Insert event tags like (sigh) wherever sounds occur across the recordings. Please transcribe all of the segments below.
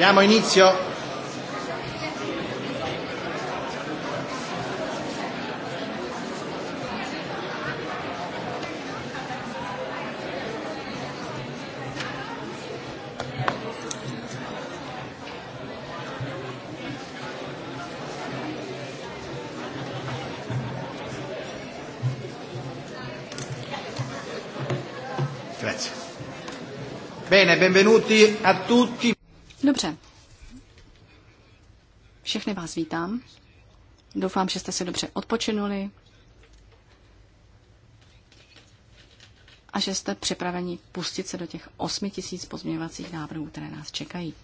Diamo inizio. Grazie. Bene, benvenuti a tutti. Dobře. Všechny vás vítám. Doufám, že jste si dobře odpočinuli a že jste připraveni pustit se do těch 8 tisíc pozměňovacích návrhů, které nás čekají.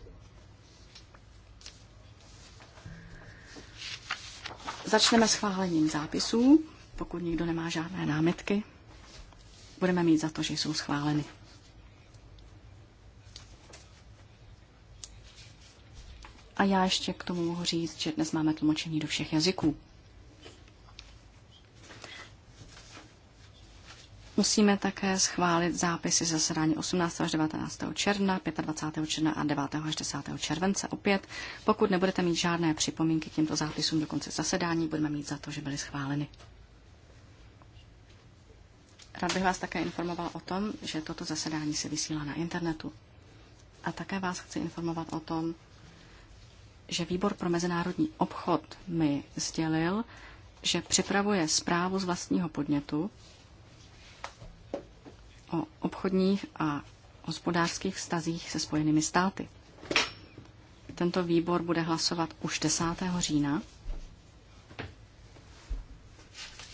Začneme schválením zápisů. Pokud nikdo nemá žádné námitky, budeme mít za to, že jsou schváleny. A já ještě k tomu mohu říct, že dnes máme tlumočení do všech jazyků. Musíme také schválit zápisy zasedání 18. až 19. června, 25. června a 9. až 10. července opět. Pokud nebudete mít žádné připomínky k těmto zápisům do konce zasedání, budeme mít za to, že byly schváleny. Rád bych vás také informoval o tom, že toto zasedání se vysílá na internetu. A také vás chci informovat o tom, že Výbor pro mezinárodní obchod mi sdělil, že připravuje zprávu z vlastního podnětu o obchodních a hospodářských vztazích se Spojenými státy. Tento výbor bude hlasovat už 10. října.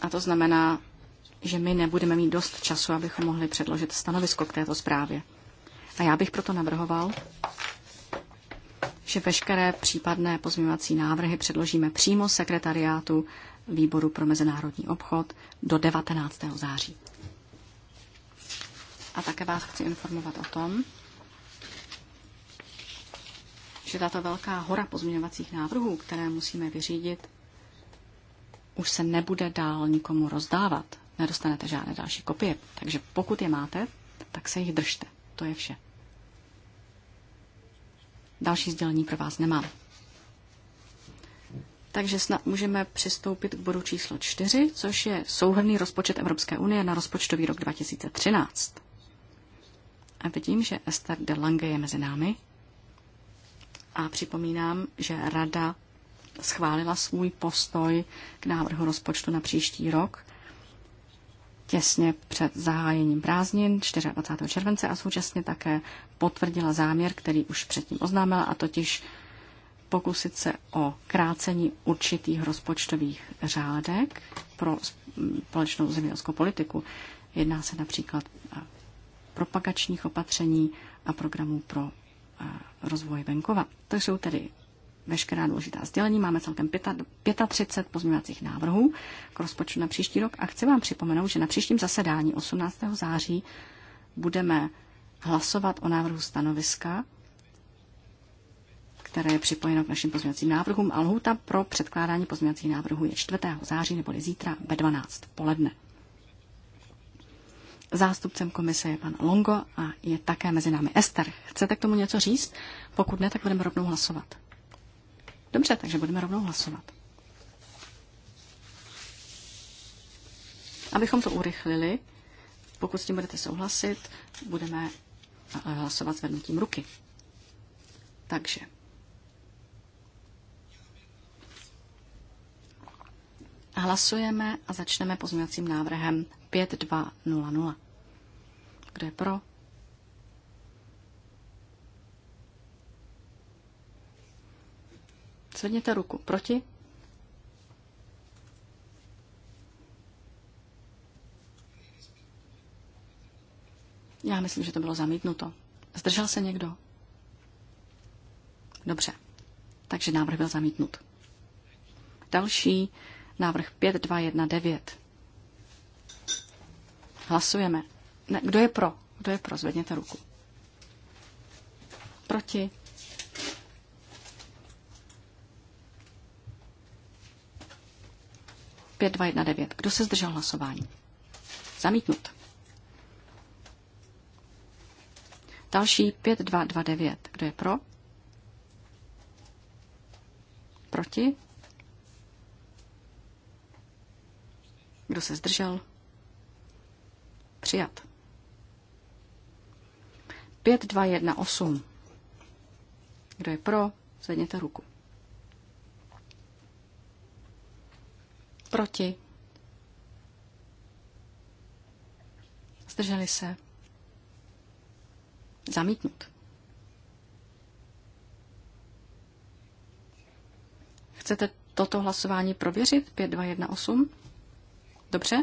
A to znamená, že my nebudeme mít dost času, abychom mohli předložit stanovisko k této zprávě. A já bych proto navrhoval, že veškeré případné pozměňovací návrhy předložíme přímo sekretariátu Výboru pro mezinárodní obchod do 19. září. A také vás chci informovat o tom, že tato velká hora pozměňovacích návrhů, které musíme vyřídit, už se nebude dál nikomu rozdávat. Nedostanete žádné další kopie. Takže pokud je máte, tak se jich držte. To je vše. Další sdělení pro vás nemám. Takže snad můžeme přistoupit k bodu číslo 4, což je souhrný rozpočet Evropské unie na rozpočtový rok 2013. A vidím, že Esther de Lange je mezi námi. A připomínám, že Rada schválila svůj postoj k návrhu rozpočtu na příští rok těsně před zahájením prázdnin 24. července a současně také potvrdila záměr, který už předtím oznámila, a totiž pokusit se o krácení určitých rozpočtových řádek pro společnou zemědělskou politiku. Jedná se například propagačních opatření a programů pro eh, rozvoj venkova. To jsou tedy veškerá důležitá sdělení. Máme celkem 35 pozměňovacích návrhů k rozpočtu na příští rok a chci vám připomenout, že na příštím zasedání 18. září budeme hlasovat o návrhu stanoviska, které je připojeno k našim pozměňovacím návrhům a lhůta pro předkládání pozměňovacích návrhů je 4. září neboli zítra ve 12. poledne. Zástupcem komise je pan Longo a je také mezi námi Ester. Chcete k tomu něco říct? Pokud ne, tak budeme rovnou hlasovat. Dobře, takže budeme rovnou hlasovat. Abychom to urychlili, pokud s tím budete souhlasit, budeme eh, hlasovat zvednutím ruky. Takže. Hlasujeme a začneme pozměňovacím návrhem 5200. Kdo je pro? Zvedněte ruku. Proti? Já myslím, že to bylo zamítnuto. Zdržel se někdo? Dobře. Takže návrh byl zamítnut. Další návrh 5219. Hlasujeme. Ne, kdo je pro? Kdo je pro? Zvedněte ruku. Proti? 5219. Kdo se zdržel hlasování? Zamítnut. Další 5229. Kdo je pro? Proti? Kdo se zdržel? Přijat. 5218. Kdo je pro? Zvedněte ruku. Proti. Zdrželi se. Zamítnut. Chcete toto hlasování prověřit? 5218? Dobře,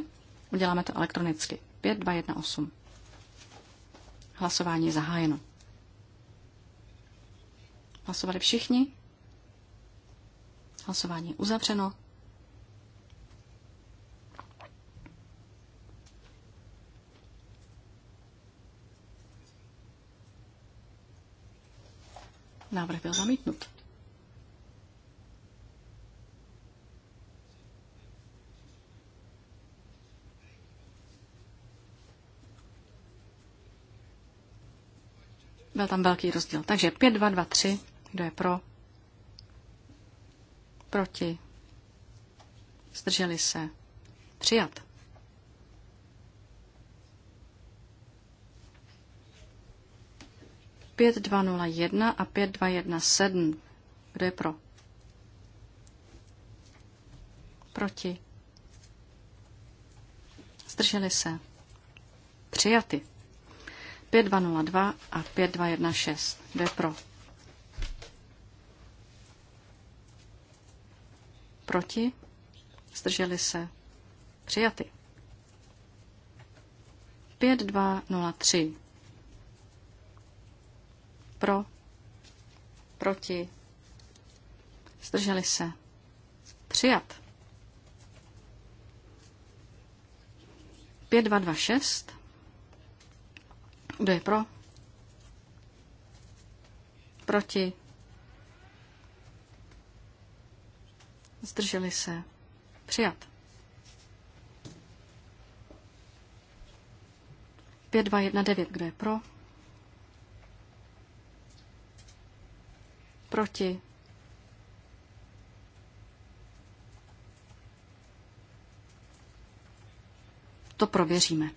uděláme to elektronicky. 5218. Hlasování je zahájeno. Hlasovali všichni? Hlasování je uzavřeno. Návrh byl zamítnut. Byl tam velký rozdíl. Takže 5, 2, 2, 3. Kdo je pro? Proti? Zdrželi se? Přijat. 5201 a 5217. Kdo je pro? Proti. Zdrželi se. Přijaty. 5202 a 5216. Kdo je pro? Proti? Zdrželi se. Přijaty. 5203. Pro. Proti. Zdrželi se. Přijat. 6. Kdo je pro? Proti? Zdrželi se? Přijat. 9. Kdo je pro? Proti. To prověříme.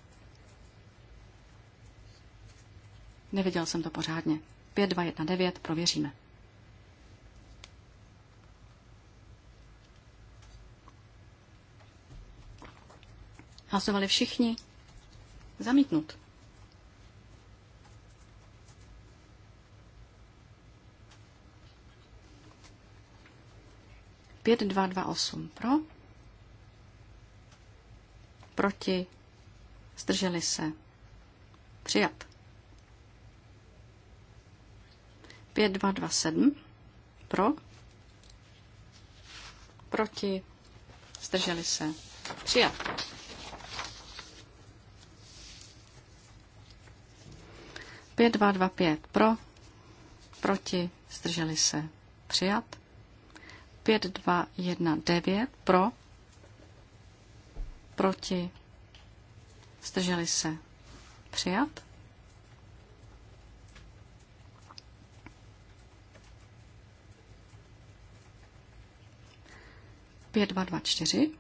Neviděl jsem to pořádně. 5, 2, 1, 9, prověříme. Hlasovali všichni. Zamítnut. 5228 pro. Proti. Zdrželi se. Přijat. 5227 pro. Proti. Zdrželi se. Přijat. Pět, dva, dva, pět. Pro. Proti. Zdrželi se. Přijat. 5219 pro, proti, zdrželi se přijat. Pět, dva, dva, čtyři.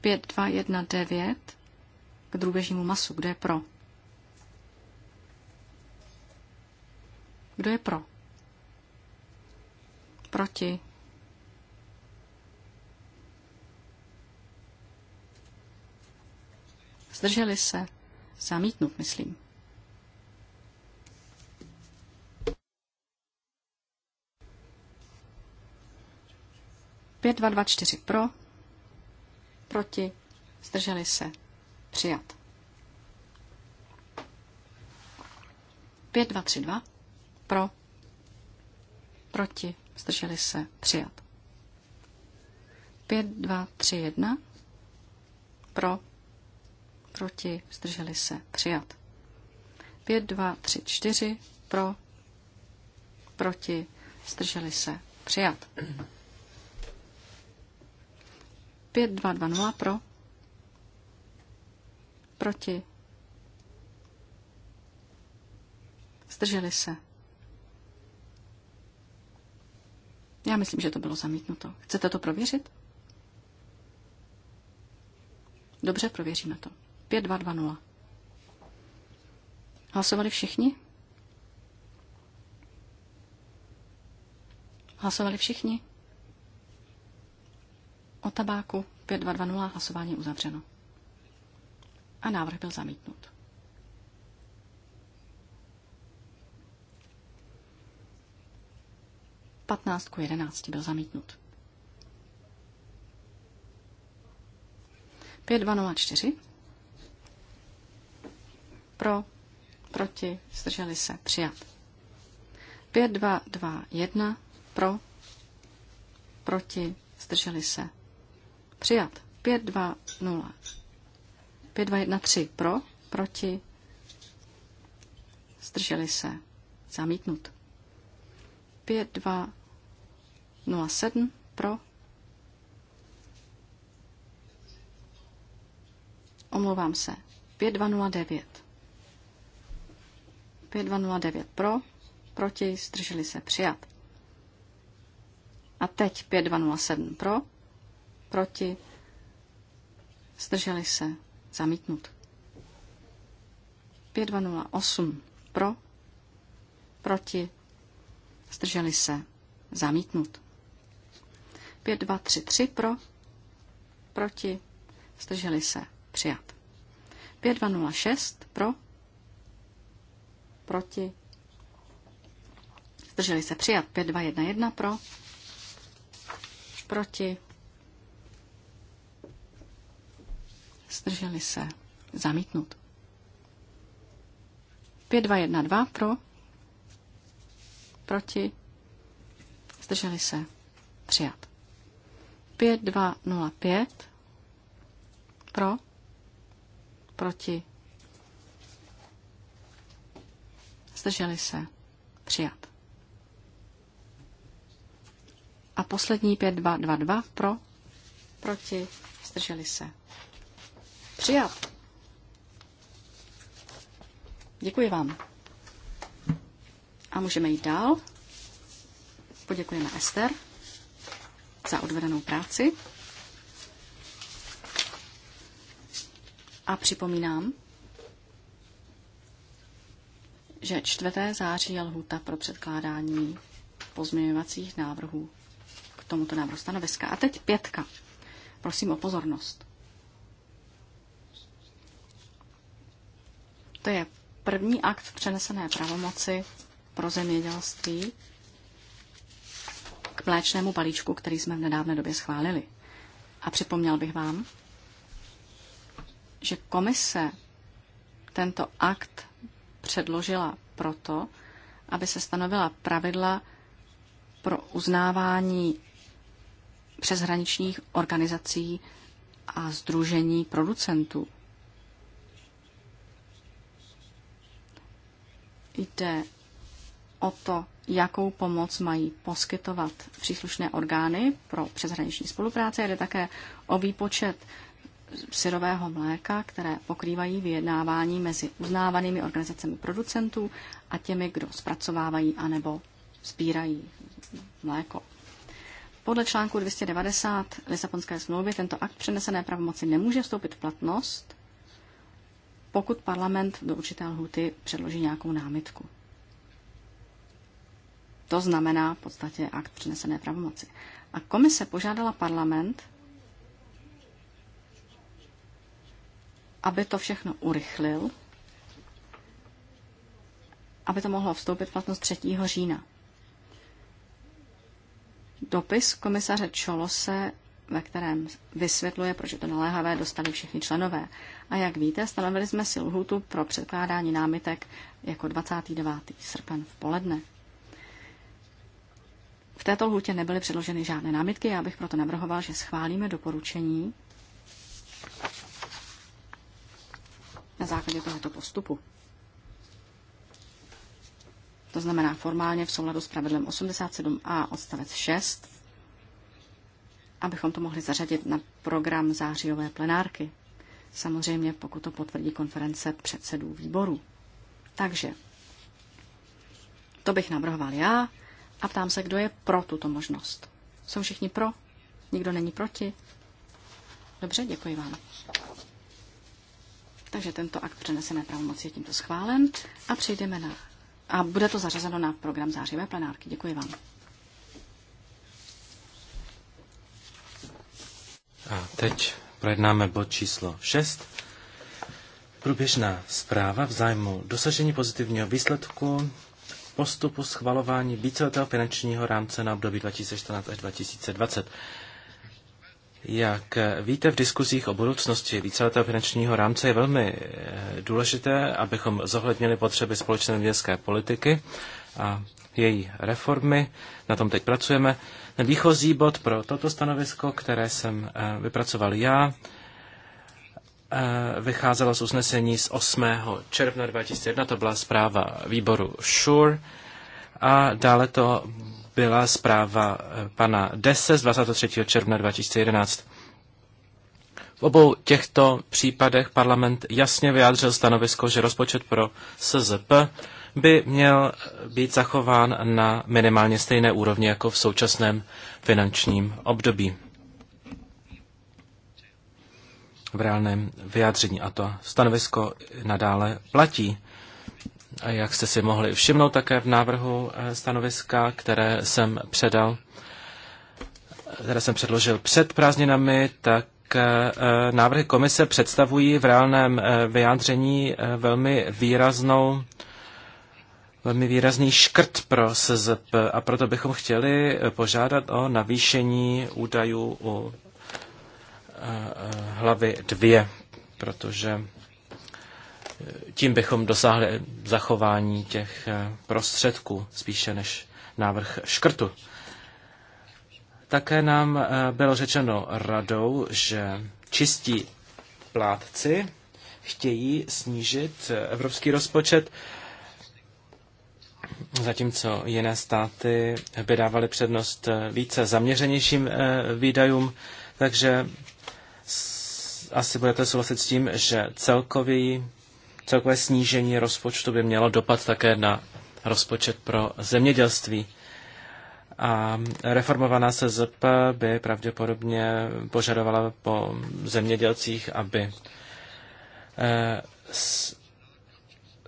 Pět, dva, jedna, devět. K drůbežnímu masu. Kde je pro? Kdo je pro? Proti? Zdrželi se. Zamítnut, myslím. Pět, dva, dva, čtyři pro, proti, zdrželi se, přijat. Pět, dva, tři, dva. Pro. Proti. Zdrželi se. Přijat. 5, 2, 3, 1. Pro. Proti. Zdrželi se. Přijat. 5, 2, 3, 4. Pro. Proti. Zdrželi se. Přijat. 5, 2, 2, 0. Pro. Proti. Zdrželi se. Já myslím, že to bylo zamítnuto. Chcete to prověřit? Dobře, prověříme to. 5220. Hlasovali všichni? Hlasovali všichni? O tabáku 5220 hlasování uzavřeno. A návrh byl zamítnut. 15 k 11 byl zamítnut. 4. Pro, proti, zdrželi se, přijat. 5221. Pro, proti, zdrželi se, přijat. 520. 5213. Pro, proti, zdrželi se, zamítnut. 5, 2, 07 pro. Omlouvám se. 5209. 5209 pro, proti, zdrželi se přijat. A teď 5207 pro, proti, zdrželi se zamítnut. 5208 pro, proti, zdrželi se zamítnut. 3 pro, proti, zdrželi se, přijat. 6 pro, proti, zdrželi se, přijat. 1 pro, proti, zdrželi se, zamítnut. 2 pro, proti, zdrželi se, přijat. 5205 pro, proti, zdrželi se, přijat. A poslední 5222 pro, proti, zdrželi se, přijat. Děkuji vám. A můžeme jít dál. Poděkujeme Ester za odvedenou práci. A připomínám, že 4. září je lhuta pro předkládání pozměňovacích návrhů k tomuto návrhu stanoviska. A teď pětka. Prosím o pozornost. To je první akt v přenesené pravomoci pro zemědělství k mléčnému balíčku, který jsme v nedávné době schválili. A připomněl bych vám, že komise tento akt předložila proto, aby se stanovila pravidla pro uznávání přeshraničních organizací a združení producentů. Jde o to, jakou pomoc mají poskytovat příslušné orgány pro přeshraniční spolupráci. Jde také o výpočet syrového mléka, které pokrývají vyjednávání mezi uznávanými organizacemi producentů a těmi, kdo zpracovávají anebo sbírají mléko. Podle článku 290 Lisabonské smlouvy tento akt přenesené pravomoci nemůže vstoupit v platnost, pokud parlament do určité lhuty předloží nějakou námitku. To znamená v podstatě akt přenesené pravomoci. A komise požádala parlament, aby to všechno urychlil, aby to mohlo vstoupit v platnost 3. října. Dopis komisaře Čolose, ve kterém vysvětluje, proč je to naléhavé, dostali všichni členové. A jak víte, stanovili jsme si lhutu pro předkládání námitek jako 29. srpen v poledne. V této lhůtě nebyly předloženy žádné námitky, já bych proto navrhoval, že schválíme doporučení na základě tohoto postupu. To znamená formálně v souladu s pravidlem 87a odstavec 6, abychom to mohli zařadit na program zářijové plenárky. Samozřejmě, pokud to potvrdí konference předsedů výboru. Takže to bych navrhoval já a ptám se, kdo je pro tuto možnost. Jsou všichni pro? Nikdo není proti? Dobře, děkuji vám. Takže tento akt přenesené pravomoci je tímto schválen a přejdeme na... A bude to zařazeno na program zářivé plenárky. Děkuji vám. A teď projednáme bod číslo 6. Průběžná zpráva v zájmu dosažení pozitivního výsledku postupu schvalování víceletého finančního rámce na období 2014 až 2020. Jak víte, v diskuzích o budoucnosti víceletého finančního rámce je velmi eh, důležité, abychom zohlednili potřeby společné městské politiky a její reformy. Na tom teď pracujeme. Ten výchozí bod pro toto stanovisko, které jsem eh, vypracoval já, Eh, vycházela z usnesení z 8. června 2001, to byla zpráva výboru SURE a dále to byla zpráva eh, pana Dese z 23. června 2011. V obou těchto případech parlament jasně vyjádřil stanovisko, že rozpočet pro SZP by měl eh, být zachován na minimálně stejné úrovni jako v současném finančním období v reálném vyjádření. A to stanovisko nadále platí. A jak jste si mohli všimnout také v návrhu eh, stanoviska, které jsem předal, které jsem předložil před prázdninami, tak eh, eh, návrhy komise představují v reálném vyjádření velmi výraznou velmi výrazný škrt pro SZP a proto bychom chtěli požádat o navýšení údajů u hlavy dvě, protože eh, tím bychom dosáhli zachování těch eh, prostředků spíše než návrh škrtu. Také nám eh, bylo řečeno radou, že čistí plátci chtějí snížit evropský rozpočet, zatímco jiné státy by dávaly přednost více zaměřenějším výdajům, takže asi budete souhlasit s tím, že celkový, celkové snížení rozpočtu by mělo dopad také na rozpočet pro zemědělství. A reformovaná SZP by pravděpodobně požadovala po zemědělcích, aby eh,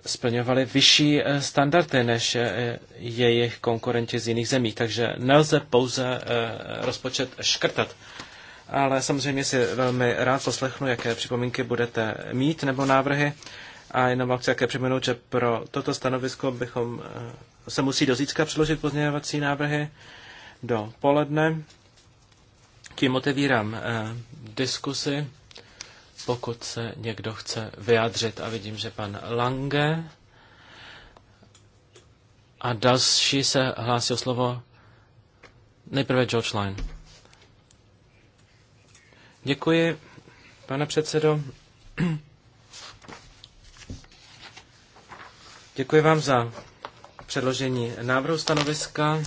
splňovali vyšší eh, standardy než eh, jejich konkurenti z jiných zemí. Takže nelze pouze rozpočet škrtat ale samozřejmě si velmi rád poslechnu, jaké připomínky budete mít nebo návrhy. A jenom vám chci také připomenout, že pro toto stanovisko bychom eh, se musí do zítřka přiložit pozměňovací návrhy do poledne. Tím otevírám eh, diskusy, pokud se někdo chce vyjádřit. A vidím, že pan Lange a další se hlásí o slovo. Nejprve George Line. Děkuji, pane předsedo. Děkuji vám za předložení návrhu stanoviska.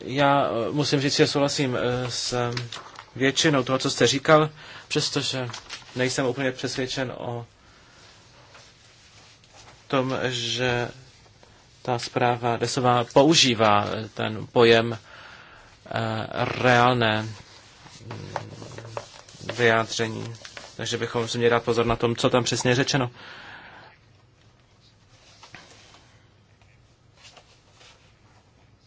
Já eh, musím říct, že souhlasím eh, s eh, většinou toho, co jste říkal, přestože nejsem úplně přesvědčen o tom, že ta zpráva desová používá ten pojem Eh, reálné vyjádření. Takže bychom si měli dát pozor na tom, co tam přesně je řečeno.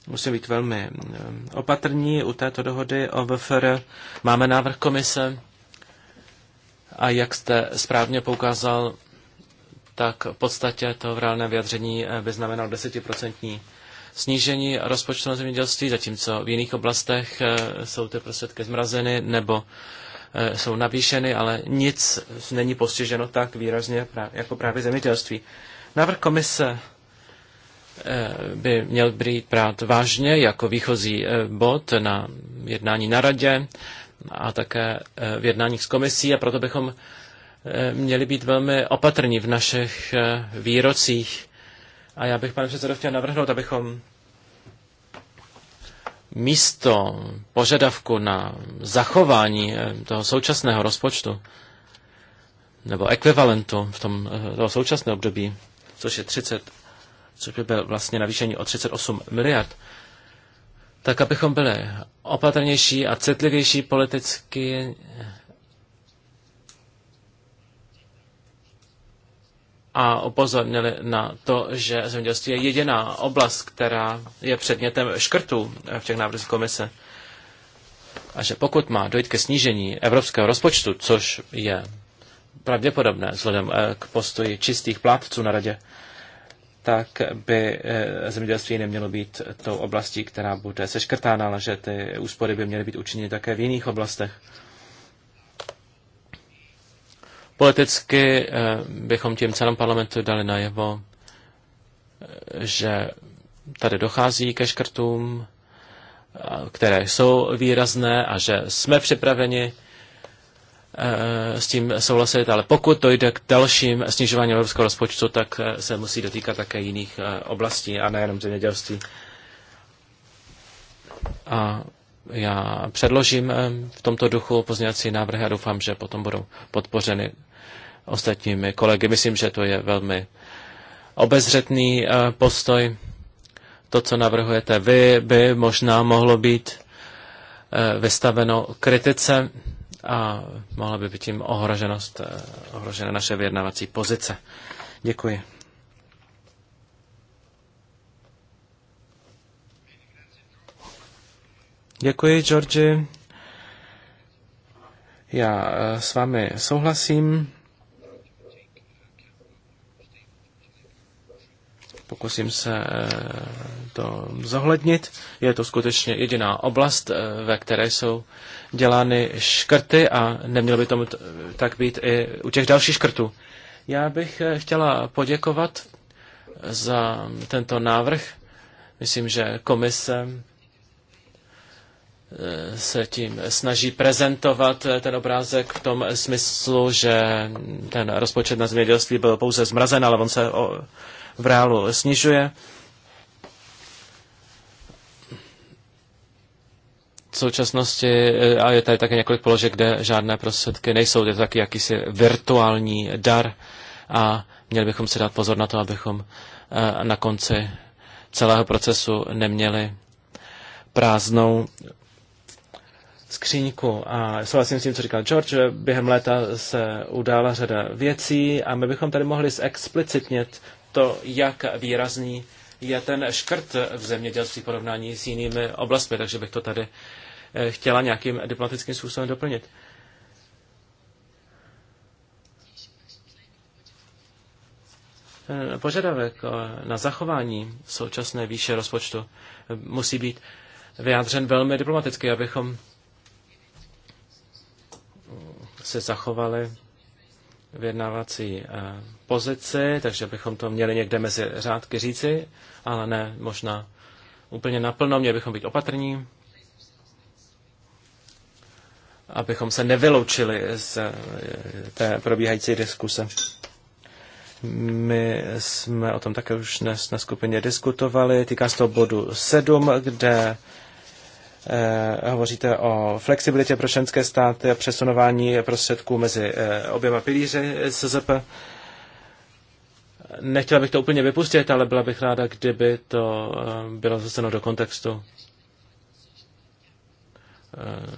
Musím být velmi eh, opatrní u této dohody o VFR. Máme návrh komise a jak jste správně poukázal, tak v podstatě to v reálné vyjadření by eh, znamenalo desetiprocentní snížení rozpočtu na zemědělství, zatímco v jiných oblastech eh, jsou ty prostředky zmrazeny nebo eh, jsou navýšeny, ale nic není postiženo tak výrazně jako právě zemědělství. Návrh komise eh, by měl být brát vážně jako výchozí bod na jednání na radě a také v jednáních s komisí a proto bychom měli být velmi opatrní v našich výrocích a já bych, pane předsedo, chtěl navrhnout, abychom místo požadavku na zachování eh, toho současného rozpočtu nebo ekvivalentu v tom, eh, toho současné období, což je 30, což by byl vlastně navýšení o 38 miliard, tak abychom byli opatrnější a citlivější politicky a upozornili na to, že zemědělství je jediná oblast, která je předmětem škrtů v těch návrzích komise. A že pokud má dojít ke snížení evropského rozpočtu, což je pravděpodobné vzhledem eh, k postoji čistých plátců na radě, tak by eh, zemědělství nemělo být tou oblastí, která bude seškrtána, ale že ty úspory by měly být učiněny také v jiných oblastech. Politicky eh, bychom tím celém parlamentu dali najevo, eh, že tady dochází ke škrtům, eh, které jsou výrazné a že jsme připraveni s tím souhlasit, ale pokud to jde k dalším snižování evropského rozpočtu, tak se musí dotýkat také jiných oblastí a nejenom zemědělství. A já předložím eh, v tomto duchu pozněvací návrhy a doufám, že potom budou podpořeny ostatními kolegy. Myslím, že to je velmi obezřetný eh, postoj. To, co navrhujete vy, by možná mohlo být eh, vystaveno kritice a mohla by být tím ohroženost, ohrožena naše vyjednávací pozice. Děkuji. Děkuji, Georgi. Já eh, s vámi souhlasím. Pokusím se eh, to zohlednit. Je to skutečně jediná oblast, eh, ve které jsou dělány škrty a nemělo by tomu tak být i u těch dalších škrtů. Já bych chtěla poděkovat za tento návrh. Myslím, že komise Eh, se tím snaží prezentovat eh, ten obrázek v tom smyslu, že ten rozpočet na zemědělství byl pouze zmrazen, ale on se o, v reálu snižuje. V současnosti, eh, a je tady také několik položek, kde žádné prostředky nejsou, je to taky jakýsi virtuální dar a měli bychom si dát pozor na to, abychom na konci celého procesu neměli prázdnou skříňku. A souhlasím s tím, co říkal George, během léta se udála řada věcí a my bychom tady mohli zexplicitnit to, jak výrazný je ten škrt v zemědělství v porovnání s jinými oblastmi, takže bych to tady eh, chtěla nějakým diplomatickým způsobem doplnit. Eh, požadavek eh, na zachování současné výše rozpočtu musí být vyjádřen velmi diplomaticky, abychom se zachovali vyjednávací eh, pozici, takže bychom to měli někde mezi řádky říci, ale ne možná úplně naplno, měli bychom být opatrní, abychom se nevyloučili z eh, té probíhající diskuse. My jsme o tom také už dnes na skupině diskutovali. Týká se toho bodu 7, kde Eh, hovoříte o flexibilitě pro členské státy a přesunování prostředků mezi eh, oběma pilíři SZP. Nechtěla bych to úplně vypustit, ale byla bych ráda, kdyby to eh, bylo zaseno do kontextu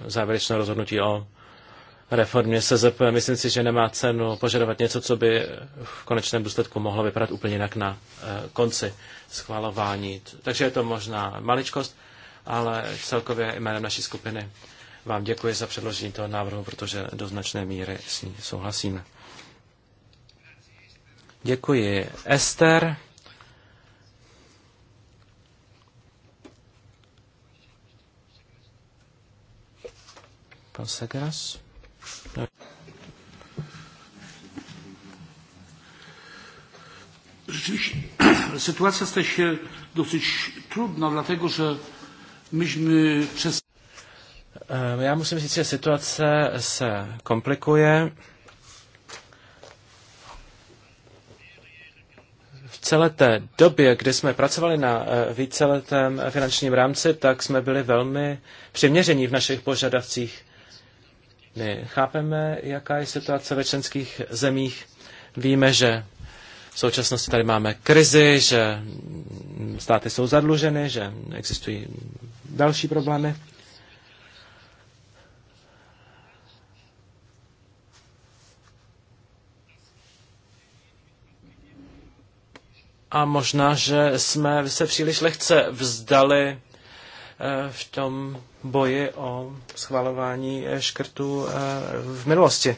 závěrečného rozhodnutí o reformě SZP. Myslím si, že nemá cenu požadovat něco, co by v konečném důsledku mohlo vypadat úplně jinak na konci schvalování. Takže je to možná maličkost ale celkově jménem naší skupiny vám děkuji za předložení toho návrhu, protože do značné míry s ní souhlasíme. Děkuji Ester. Pan Segras. No. Rzeczywiście (clears throat) sytuacja staje się dosyć trudna, dlatego że myśmy przez... Ehm, já musím říct, že situace se komplikuje. V celé té době, kdy jsme pracovali na eh, víceletém finančním rámci, tak jsme byli velmi přiměření v našich požadavcích. My chápeme, jaká je situace ve členských zemích. Víme, že v současnosti tady máme krizi, že státy jsou zadluženy, že existují další problémy. A možná, že jsme se příliš lehce vzdali eh, v tom boji o schvalování škrtů eh, v minulosti.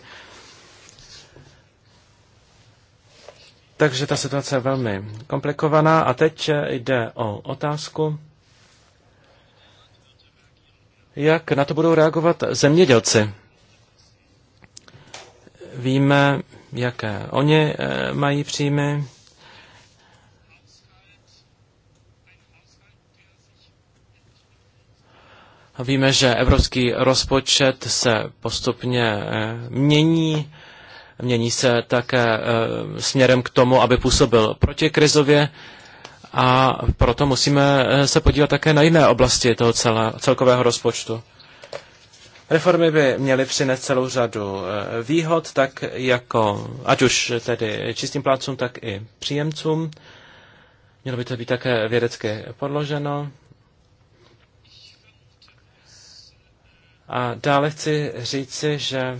Takže ta situace je velmi komplikovaná a teď jde o otázku, jak na to budou reagovat zemědělci. Víme, jaké oni eh, mají příjmy. Víme, že evropský rozpočet se postupně eh, mění mění se také eh, směrem k tomu, aby působil protikrizově a proto musíme eh, se podívat také na jiné oblasti toho celé, celkového rozpočtu. Reformy by měly přinést celou řadu eh, výhod, tak jako, ať už tedy čistým plácům, tak i příjemcům. Mělo by to být také vědecky podloženo. A dále chci říci, že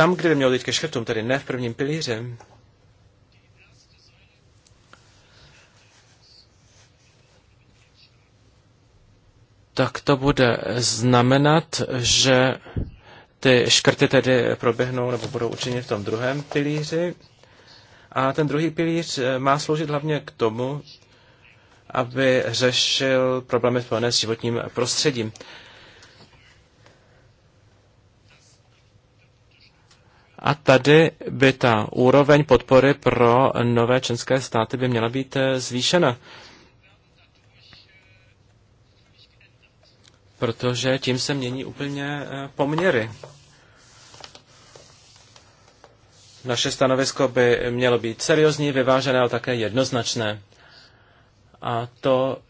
Tam, kde by mělo dojít ke škrtům, tedy ne v prvním pilíře, tak to bude znamenat, že ty škrty tedy proběhnou nebo budou učiněny v tom druhém pilíři. A ten druhý pilíř eh, má sloužit hlavně k tomu, aby řešil problémy spojené s životním prostředím. A tady by ta úroveň podpory pro nové členské státy by měla být eh, zvýšena. Protože tím se mění úplně eh, poměry. Naše stanovisko by mělo být seriózní, vyvážené, ale také jednoznačné. A to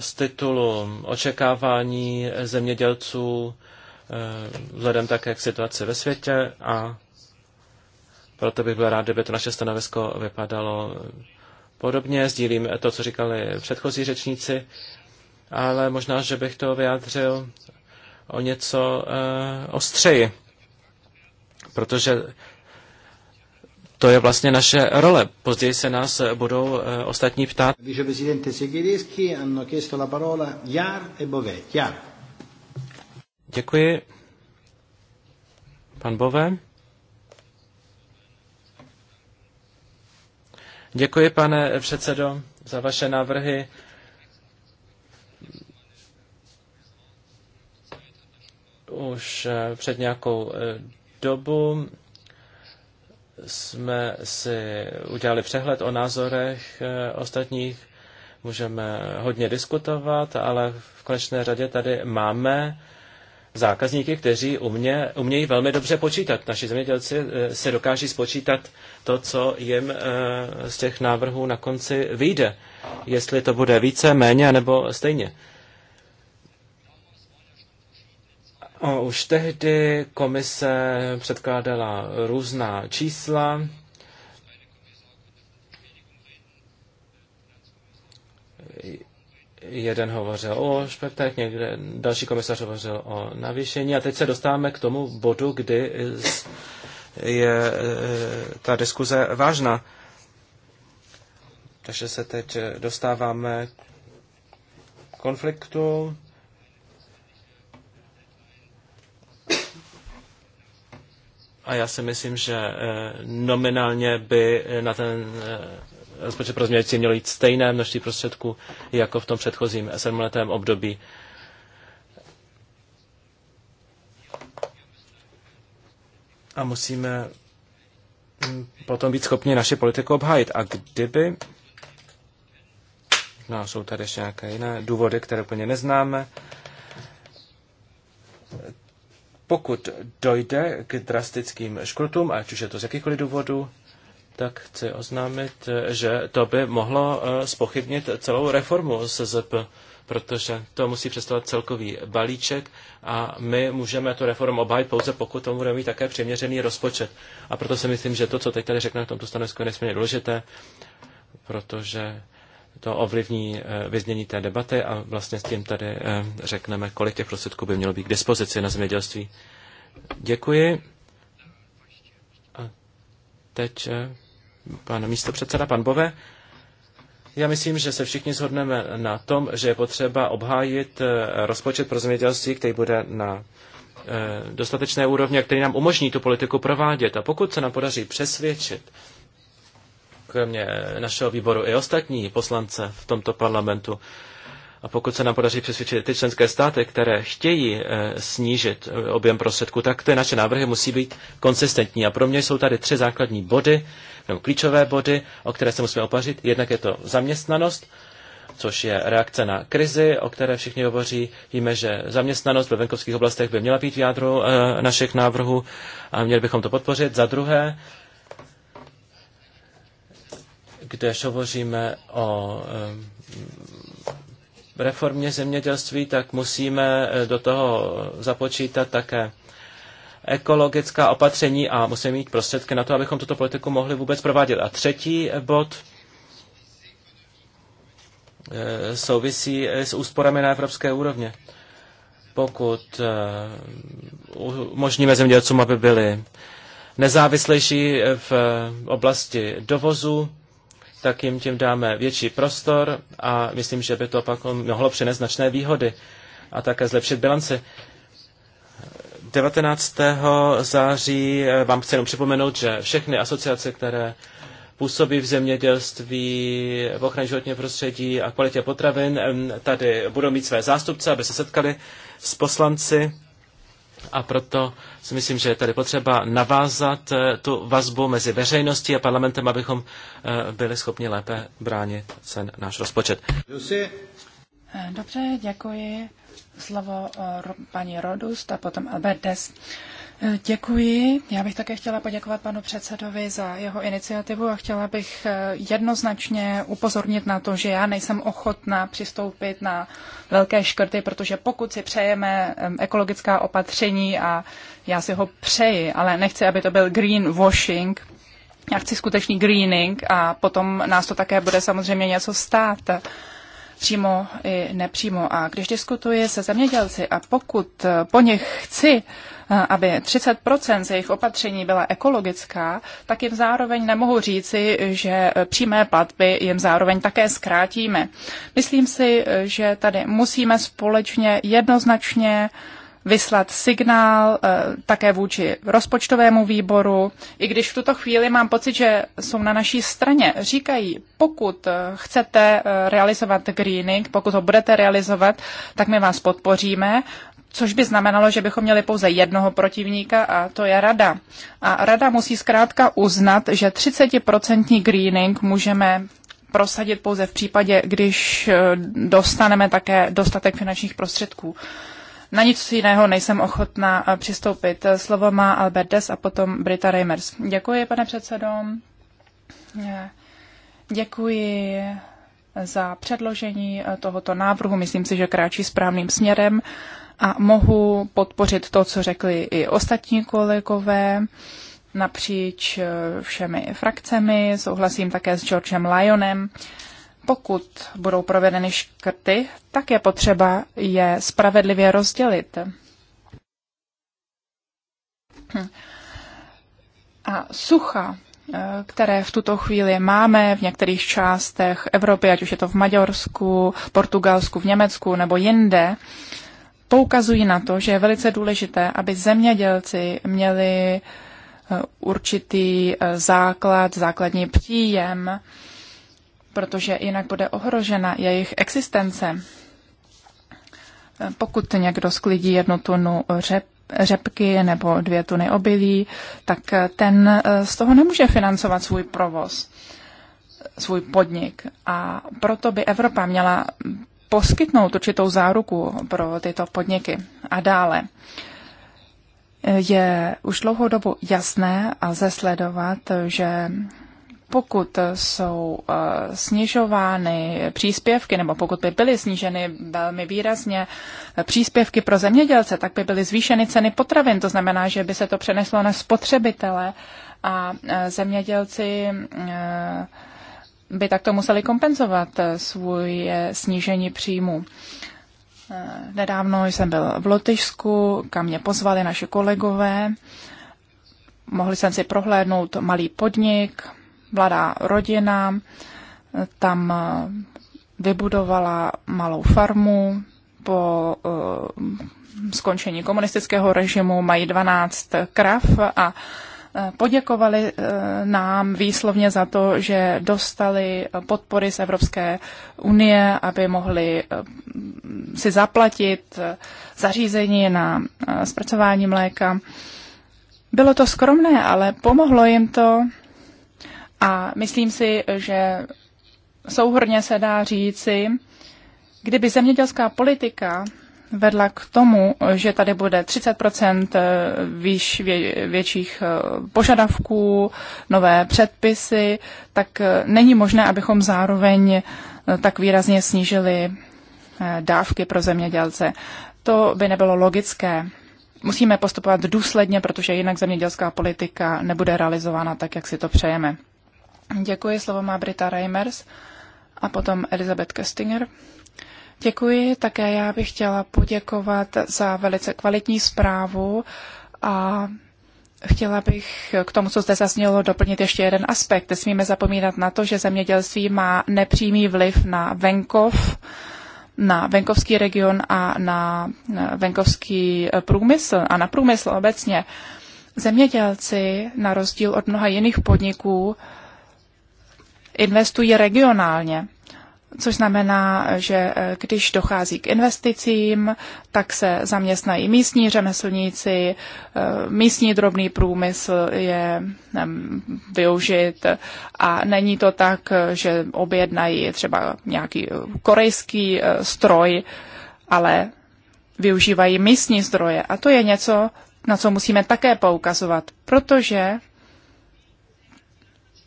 z titulu očekávání zemědělců, Eh, vzhledem také k situaci ve světě a proto bych byl rád, kdyby to naše stanovisko vypadalo podobně. Sdílím to, co říkali předchozí řečníci, ale možná, že bych to vyjádřil o něco e, ostřeji, protože to je vlastně naše role. Později se nás budou e, ostatní ptát. Viceprezidente Segedeschi hanno chiesto la parola Jar e Bovet. Jar. Děkuji. Pan Bové. Děkuji, pane předsedo, za vaše návrhy. Už eh, před nějakou eh, dobu jsme si udělali přehled o názorech eh, ostatních. Můžeme hodně diskutovat, ale v konečné řadě tady máme zákazníky, kteří umě, umějí velmi dobře počítat. Naši zemědělci eh, se dokáží spočítat to, co jim eh, z těch návrhů na konci vyjde. Jestli to bude více, méně, nebo stejně. už tehdy komise předkládala různá čísla, jeden hovořil o škrtech, někde další komisař hovořil o navýšení a teď se dostáváme k tomu bodu, kdy je e, ta diskuze vážná. Takže se teď dostáváme k konfliktu. A já si myslím, že e, nominálně by na ten e, rozpočet pro zemědělství měl jít stejné množství prostředků jako v tom předchozím sedmletém období. A musíme mm, potom být schopni naše politiku obhájit. A kdyby No, jsou tady ještě nějaké jiné důvody, které úplně neznáme. Pokud dojde k drastickým škrtům, ať už je to z jakýchkoliv důvodů, tak chci oznámit, že to by mohlo eh, spochybnit celou reformu SZP, protože to musí představovat celkový balíček a my můžeme tu reformu obhájit pouze, pokud tomu budeme mít také přiměřený rozpočet. A proto si myslím, že to, co teď tady řekne v tomto stanovisku, je nesmírně důležité, protože to ovlivní eh, vyznění té debaty a vlastně s tím tady eh, řekneme, kolik těch prostředků by mělo být k dispozici na zemědělství. Děkuji. A teď pan předseda, pan Bove. Já myslím, že se všichni shodneme na tom, že je potřeba obhájit eh, rozpočet pro zemědělství, který bude na eh, dostatečné úrovně, který nám umožní tu politiku provádět. A pokud se nám podaří přesvědčit, kromě našeho výboru i ostatní poslance v tomto parlamentu, a pokud se nám podaří přesvědčit ty členské státy, které chtějí eh, snížit eh, objem prostředků, tak ty naše návrhy musí být konsistentní. A pro mě jsou tady tři základní body, nebo klíčové body, o které se musíme opařit. Jednak je to zaměstnanost, což je reakce na krizi, o které všichni hovoří. Víme, že zaměstnanost ve venkovských oblastech by měla být v jádru eh, našich návrhů a měli bychom to podpořit. Za druhé, když hovoříme o reformě zemědělství, tak musíme eh, do toho započítat také ekologická opatření a musíme mít prostředky na to, abychom tuto politiku mohli vůbec provádět. A třetí eh, bod eh, souvisí s úsporami na evropské úrovně. Pokud umožníme zemědělcům, aby byli nezávislejší v oblasti dovozu, tak jim tím dáme větší prostor a myslím, že by to pak mohlo přinést značné výhody a také zlepšit bilanci. 19. září eh, vám chci jenom připomenout, že všechny asociace, které působí v zemědělství, v ochraně životního prostředí a kvalitě potravin, tady budou mít své zástupce, aby se setkali s poslanci a proto si myslím, že je tady potřeba navázat eh, tu vazbu mezi veřejností a parlamentem, abychom eh, byli schopni lépe bránit ten náš rozpočet. Eh, dobře, děkuji. Slovo paní Rodust a potom Albert Des. Děkuji. Já bych také chtěla poděkovat panu předsedovi za jeho iniciativu a chtěla bych eh, jednoznačně upozornit na to, že já nejsem ochotná přistoupit na velké škrty, protože pokud si přejeme ekologická opatření a já si ho přeji, ale nechci, aby to byl greenwashing, já chci skutečný greening a potom nás to také bude samozřejmě něco stát přímo i nepřímo. A když diskutuji se zemědělci a pokud eh, po nich chci, eh, aby 30% z jejich opatření byla ekologická, tak jim zároveň nemohu říci, že přímé platby jim zároveň také zkrátíme. Myslím si, eh, že tady musíme společně jednoznačně uh, vyslat signál eh, také vůči rozpočtovému výboru, i když v tuto chvíli mám pocit, že jsou na naší straně. Říkají, pokud eh, chcete eh, realizovat greening, pokud ho budete realizovat, tak my vás podpoříme, což by znamenalo, že bychom měli pouze jednoho protivníka a to je rada. A rada musí zkrátka uznat, že 30% greening můžeme prosadit pouze v případě, když dostaneme také dostatek finančních prostředků. Na nic jiného nejsem ochotná eh, přistoupit. Slovo má Albert Des a potom Brita Reimers. Děkuji, pane předsedo. Eh, děkuji za předložení eh, tohoto návrhu. Myslím si, že kráčí správným směrem a mohu podpořit to, co řekli i ostatní kolegové napříč všemi frakcemi. Souhlasím také s Georgem Lyonem pokud budou provedeny škrty, tak je potřeba je spravedlivě rozdělit. A sucha, eh, které v tuto chvíli máme v některých částech Evropy, ať už je to v Maďorsku, Portugalsku, v Německu nebo jinde, poukazují na to, že je velice důležité, aby zemědělci měli eh, určitý eh, základ, základní příjem, protože jinak bude ohrožena jejich existence. Pokud někdo sklidí jednu tunu řep, řepky nebo dvě tuny obilí, tak ten eh, z toho nemůže financovat svůj provoz, svůj podnik. A proto by Evropa měla poskytnout určitou záruku pro tyto podniky. A dále je už dlouhou dobu jasné a zesledovat, že pokud jsou eh, snižovány příspěvky, nebo pokud by byly sníženy velmi výrazně eh, příspěvky pro zemědělce, tak by byly zvýšeny ceny potravin. To znamená, že by se to přeneslo na spotřebitele a eh, zemědělci by takto museli kompenzovat svůj snížení příjmu. Nedávno jsem byl v Lotyšsku, kam mě pozvali naši kolegové. Mohli jsem si prohlédnout malý podnik, mladá rodina, tam eh, vybudovala malou farmu po eh, skončení komunistického režimu, mají 12 krav a eh, poděkovali nám výslovně za to, že dostali podpory z Evropské unie, aby mohli si zaplatit zařízení na zpracování mléka. Bylo to skromné, ale pomohlo jim to a myslím si, že souhrně se dá říci, kdyby zemědělská politika vedla k tomu, že tady bude 30 eh, výš, vě, větších eh, požadavků, nové předpisy, tak eh, není možné, abychom zároveň tak výrazně snížili dávky pro zemědělce. To by nebylo logické. Musíme postupovat důsledně, protože jinak zemědělská politika nebude realizována tak, jak si to přejeme. Děkuji, slovo má Brita Reimers a potom Elizabeth Kestinger. Děkuji, také já bych chtěla poděkovat za velice kvalitní zprávu a Chtěla bych k tomu, co zde zaznělo, doplnit ještě jeden aspekt. Nesmíme zapomínat na to, že zemědělství má nepřímý vliv na venkov, na venkovský region a na venkovský eh, průmysl a na průmysl obecně. Zemědělci, na rozdíl od mnoha jiných podniků, investují regionálně. Což znamená, že eh, když dochází k investicím, tak se zaměstnají místní řemeslníci, eh, místní drobný průmysl je využit a není to tak, že objednají třeba nějaký eh, korejský stroj, ale využívají místní zdroje. A to je něco, na co musíme také poukazovat, protože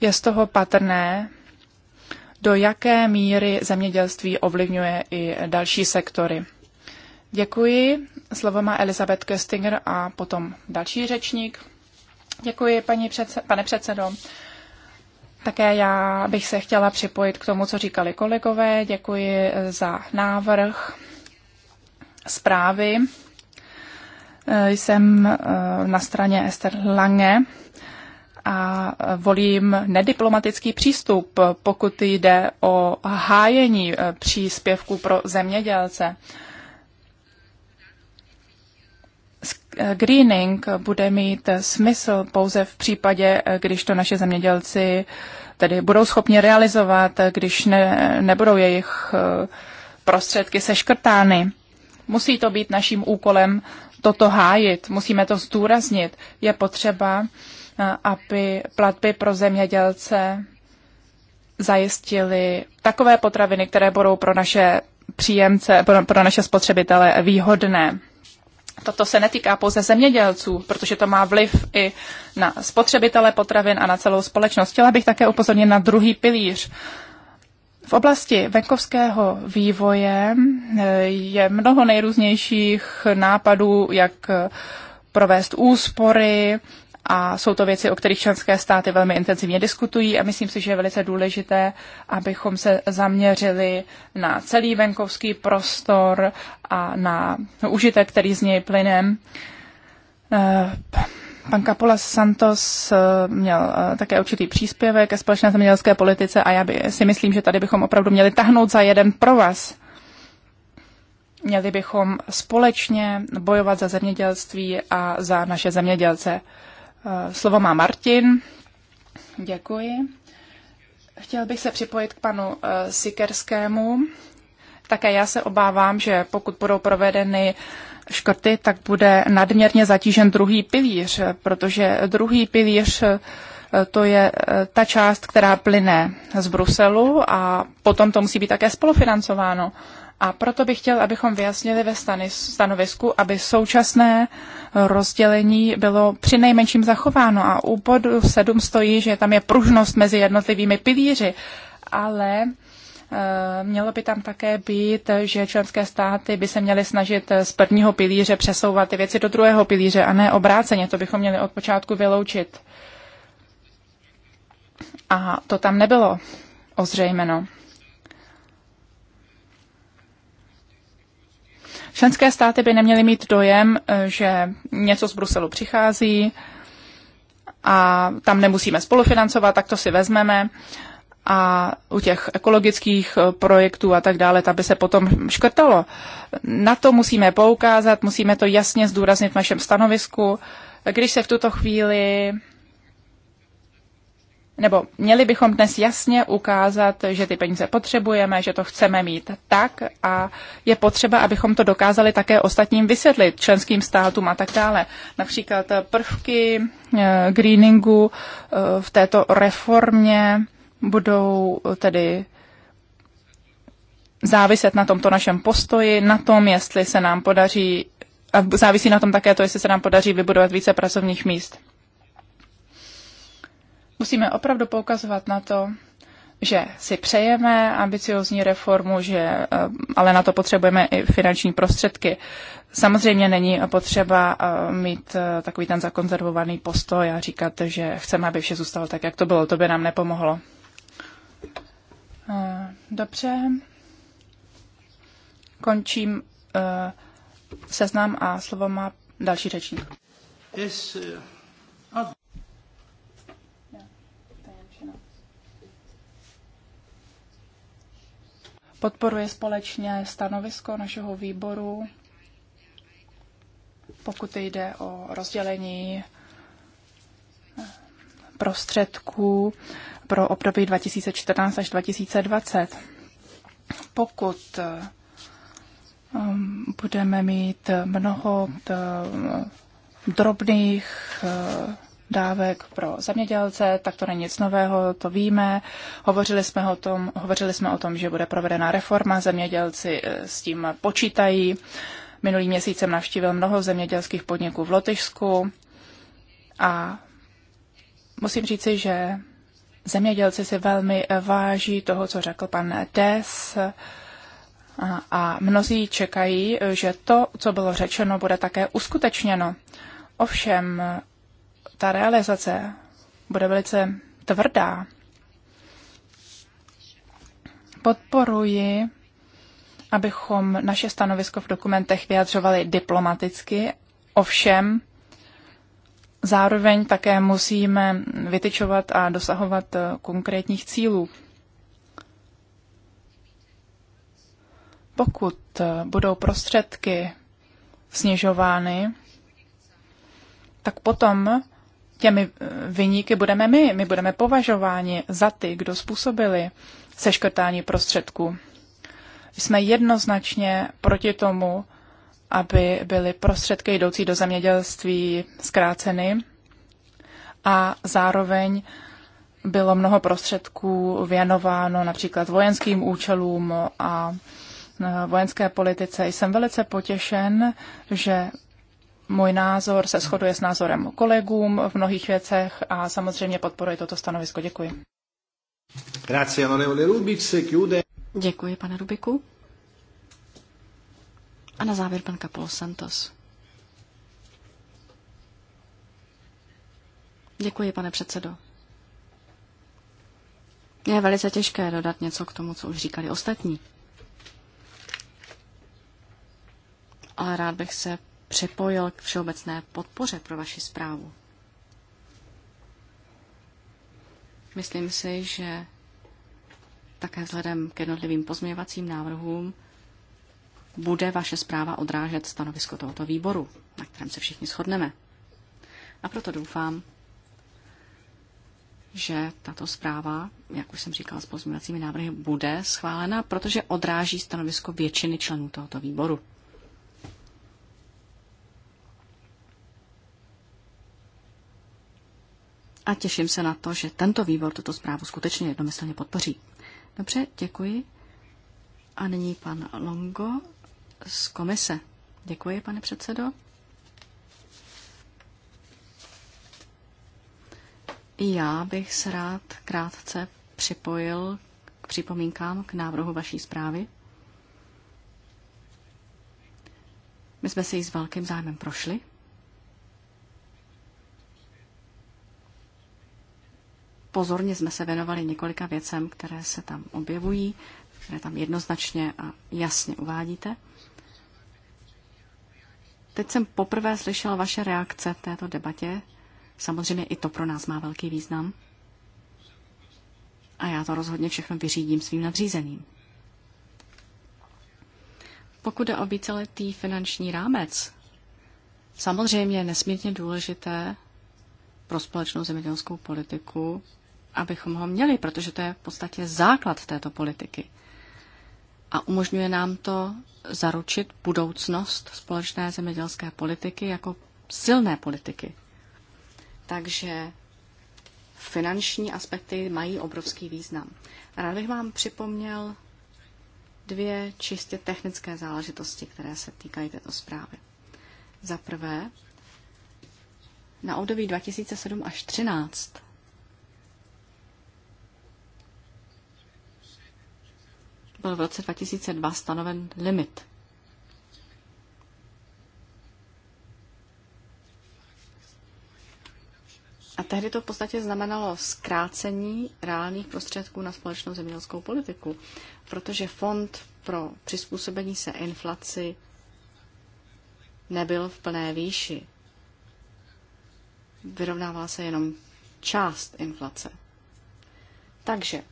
je z toho patrné, do jaké míry zemědělství ovlivňuje i další sektory. Děkuji. Slovo má Elizabeth Köstinger a potom další řečník. Děkuji, paní předse- pane předsedo. Také já bych se chtěla připojit k tomu, co říkali kolegové. Děkuji za návrh zprávy. Jsem eh, na straně Ester Lange a volím nediplomatický přístup, pokud jde o hájení eh, příspěvků pro zemědělce. Eh, greening bude mít smysl pouze v případě, eh, když to naše zemědělci tedy budou schopni realizovat, když ne, nebudou jejich prostředky seškrtány. Musí to být naším úkolem toto hájit, musíme to zdůraznit. Je potřeba aby platby pro zemědělce zajistili takové potraviny, které budou pro naše příjemce, pro, pro naše spotřebitele výhodné. Toto se netýká pouze zemědělců, protože to má vliv i na spotřebitele potravin a na celou společnost. Chtěla bych také upozornit na druhý pilíř. V oblasti venkovského vývoje eh, je mnoho nejrůznějších nápadů, jak provést úspory, a jsou to věci, o kterých členské státy velmi intenzivně diskutují a myslím si, že je velice důležité, abychom se zaměřili na celý venkovský prostor a na užitek, který z něj plyne. Eh, pan Kapola Santos eh, měl eh, také určitý příspěvek ke společné zemědělské politice a já by, si myslím, že tady bychom opravdu měli tahnout za jeden pro vás. Měli bychom společně bojovat za zemědělství a za naše zemědělce. Eh, slovo má Martin. Děkuji. Chtěl bych se připojit k panu eh, Sikerskému. Také já se obávám, že pokud budou provedeny škrty, tak bude nadměrně zatížen druhý pilíř, protože druhý pilíř eh, to je ta část, která plyne z Bruselu a potom to musí být také spolufinancováno. A proto bych chtěl, abychom vyjasnili ve stanovisku, aby současné rozdělení bylo při nejmenším zachováno. A u bodu 7 stojí, že tam je pružnost mezi jednotlivými pilíři, ale eh, Mělo by tam také být, že členské státy by se měly snažit z prvního pilíře přesouvat ty věci do druhého pilíře a ne obráceně. To bychom měli od počátku vyloučit. A to tam nebylo ozřejmeno. Členské státy by neměly mít dojem, eh, že něco z Bruselu přichází a tam nemusíme spolufinancovat, tak to si vezmeme. A u těch ekologických eh, projektů a tak dále, ta by se potom škrtalo. Na to musíme poukázat, musíme to jasně zdůraznit v našem stanovisku. Když se v tuto chvíli nebo měli bychom dnes jasně ukázat, že ty peníze potřebujeme, že to chceme mít tak a je potřeba, abychom to dokázali také ostatním vysvětlit, členským státům a tak dále. Například prvky eh, greeningu eh, v této reformě budou tedy záviset na tomto našem postoji, na tom, jestli se nám podaří, a závisí na tom také to, jestli se nám podaří vybudovat více pracovních míst musíme opravdu poukazovat na to, že si přejeme ambiciozní reformu, že, eh, ale na to potřebujeme i finanční prostředky. Samozřejmě není potřeba eh, mít eh, takový ten zakonzervovaný postoj a říkat, že chceme, aby vše zůstalo tak, jak to bylo. To by nám nepomohlo. Dobře. Končím seznam a slovo má další řečník. Yes, uh... podporuje společně stanovisko našeho výboru, pokud jde o rozdělení eh, prostředků pro období 2014 až 2020. Pokud eh, um, budeme mít mnoho eh, drobných dávek pro zemědělce, tak to není nic nového, to víme. Hovořili jsme o tom, hovořili jsme o tom že bude provedena reforma, zemědělci eh, s tím počítají. Minulý měsíc jsem navštívil mnoho zemědělských podniků v Lotyšsku a musím říci, že zemědělci si velmi eh, váží toho, co řekl pan Des, a mnozí čekají, eh, že to, co bylo řečeno, bude také uskutečněno. Ovšem, ta realizace bude velice tvrdá, podporuji, abychom naše stanovisko v dokumentech vyjadřovali diplomaticky, ovšem zároveň také musíme vytyčovat a dosahovat eh, konkrétních cílů. Pokud eh, budou prostředky snižovány, tak potom těmi eh, vyníky budeme my. My budeme považováni za ty, kdo způsobili seškrtání prostředků. Jsme jednoznačně proti tomu, aby byly prostředky jdoucí do zemědělství zkráceny a zároveň bylo mnoho prostředků věnováno například vojenským účelům a eh, vojenské politice. Jsem velice potěšen, že můj názor se shoduje s názorem kolegům v mnohých věcech a samozřejmě podporuji toto stanovisko. Děkuji. Grazie, Děkuji, pane Rubiku. A na závěr pan Kapol Santos. Děkuji, pane předsedo. Je velice těžké dodat něco k tomu, co už říkali ostatní. Ale rád bych se přepojil k všeobecné podpoře pro vaši zprávu. Myslím si, že také vzhledem k jednotlivým pozměňovacím návrhům bude vaše zpráva odrážet stanovisko tohoto výboru, na kterém se všichni shodneme. A proto doufám, že tato zpráva, jak už jsem říkala, s pozměňovacími návrhy bude schválena, protože odráží stanovisko většiny členů tohoto výboru. a těším se na to, že tento výbor tuto zprávu skutečně jednomyslně podpoří. Dobře, děkuji. A nyní pan Longo z komise. Děkuji, pane předsedo. Já bych se rád krátce připojil k připomínkám k návrhu vaší zprávy. My jsme si ji s velkým zájmem prošli. pozorně jsme se věnovali několika věcem, které se tam objevují, které tam jednoznačně a jasně uvádíte. Teď jsem poprvé slyšel vaše reakce v této debatě. Samozřejmě i to pro nás má velký význam. A já to rozhodně všechno vyřídím svým nadřízeným. Pokud jde o víceletý finanční rámec, samozřejmě je nesmírně důležité pro společnou zemědělskou politiku abychom ho měli, protože to je v podstatě základ této politiky. A umožňuje nám to zaručit budoucnost společné zemědělské politiky jako silné politiky. Takže finanční aspekty mají obrovský význam. Rád bych vám připomněl dvě čistě technické záležitosti, které se týkají této zprávy. Za prvé, na období 2007 až 2013 byl v roce 2002 stanoven limit. A tehdy to v podstatě znamenalo zkrácení reálných prostředků na společnou zemědělskou politiku, protože fond pro přizpůsobení se inflaci nebyl v plné výši. Vyrovnávala se jenom část inflace. Takže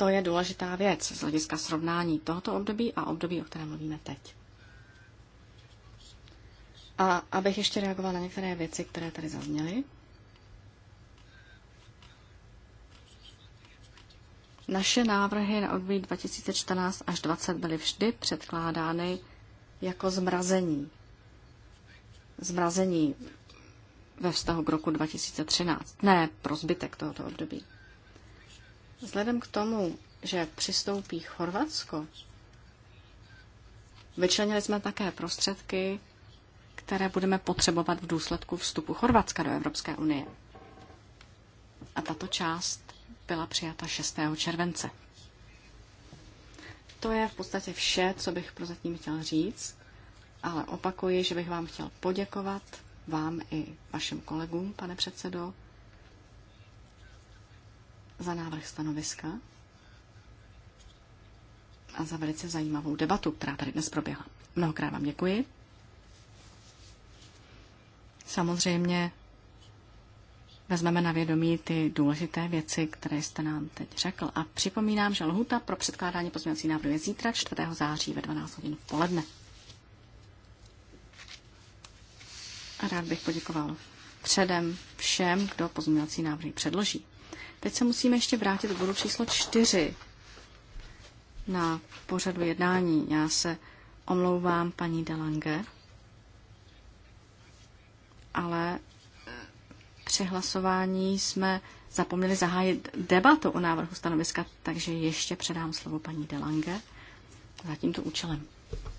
to je důležitá věc z hlediska srovnání tohoto období a období, o kterém mluvíme teď. A abych ještě reagoval na některé věci, které tady zazněly. Naše návrhy na období 2014 až 2020 byly vždy předkládány jako zmrazení. Zmrazení ve vztahu k roku 2013, ne pro zbytek tohoto období. Vzhledem k tomu, že přistoupí Chorvatsko, vyčlenili jsme také prostředky, které budeme potřebovat v důsledku vstupu Chorvatska do Evropské unie. A tato část byla přijata 6. července. To je v podstatě vše, co bych prozatím chtěl říct, ale opakuji, že bych vám chtěl poděkovat, vám i vašim kolegům, pane předsedo, za návrh stanoviska a za velice zajímavou debatu, která tady dnes proběhla. Mnohokrát vám děkuji. Samozřejmě vezmeme na vědomí ty důležité věci, které jste nám teď řekl. A připomínám, že lhuta pro předkládání pozměnací návrhu je zítra 4. září ve 12 hodin v poledne. A rád bych poděkoval předem všem, kdo pozměnací návrhy předloží. Teď se musíme ještě vrátit k bodu číslo čtyři na pořadu jednání. Já se omlouvám paní Delange, ale eh, při hlasování jsme zapomněli zahájit debatu o návrhu stanoviska, takže ještě předám slovo paní Delange za tímto účelem.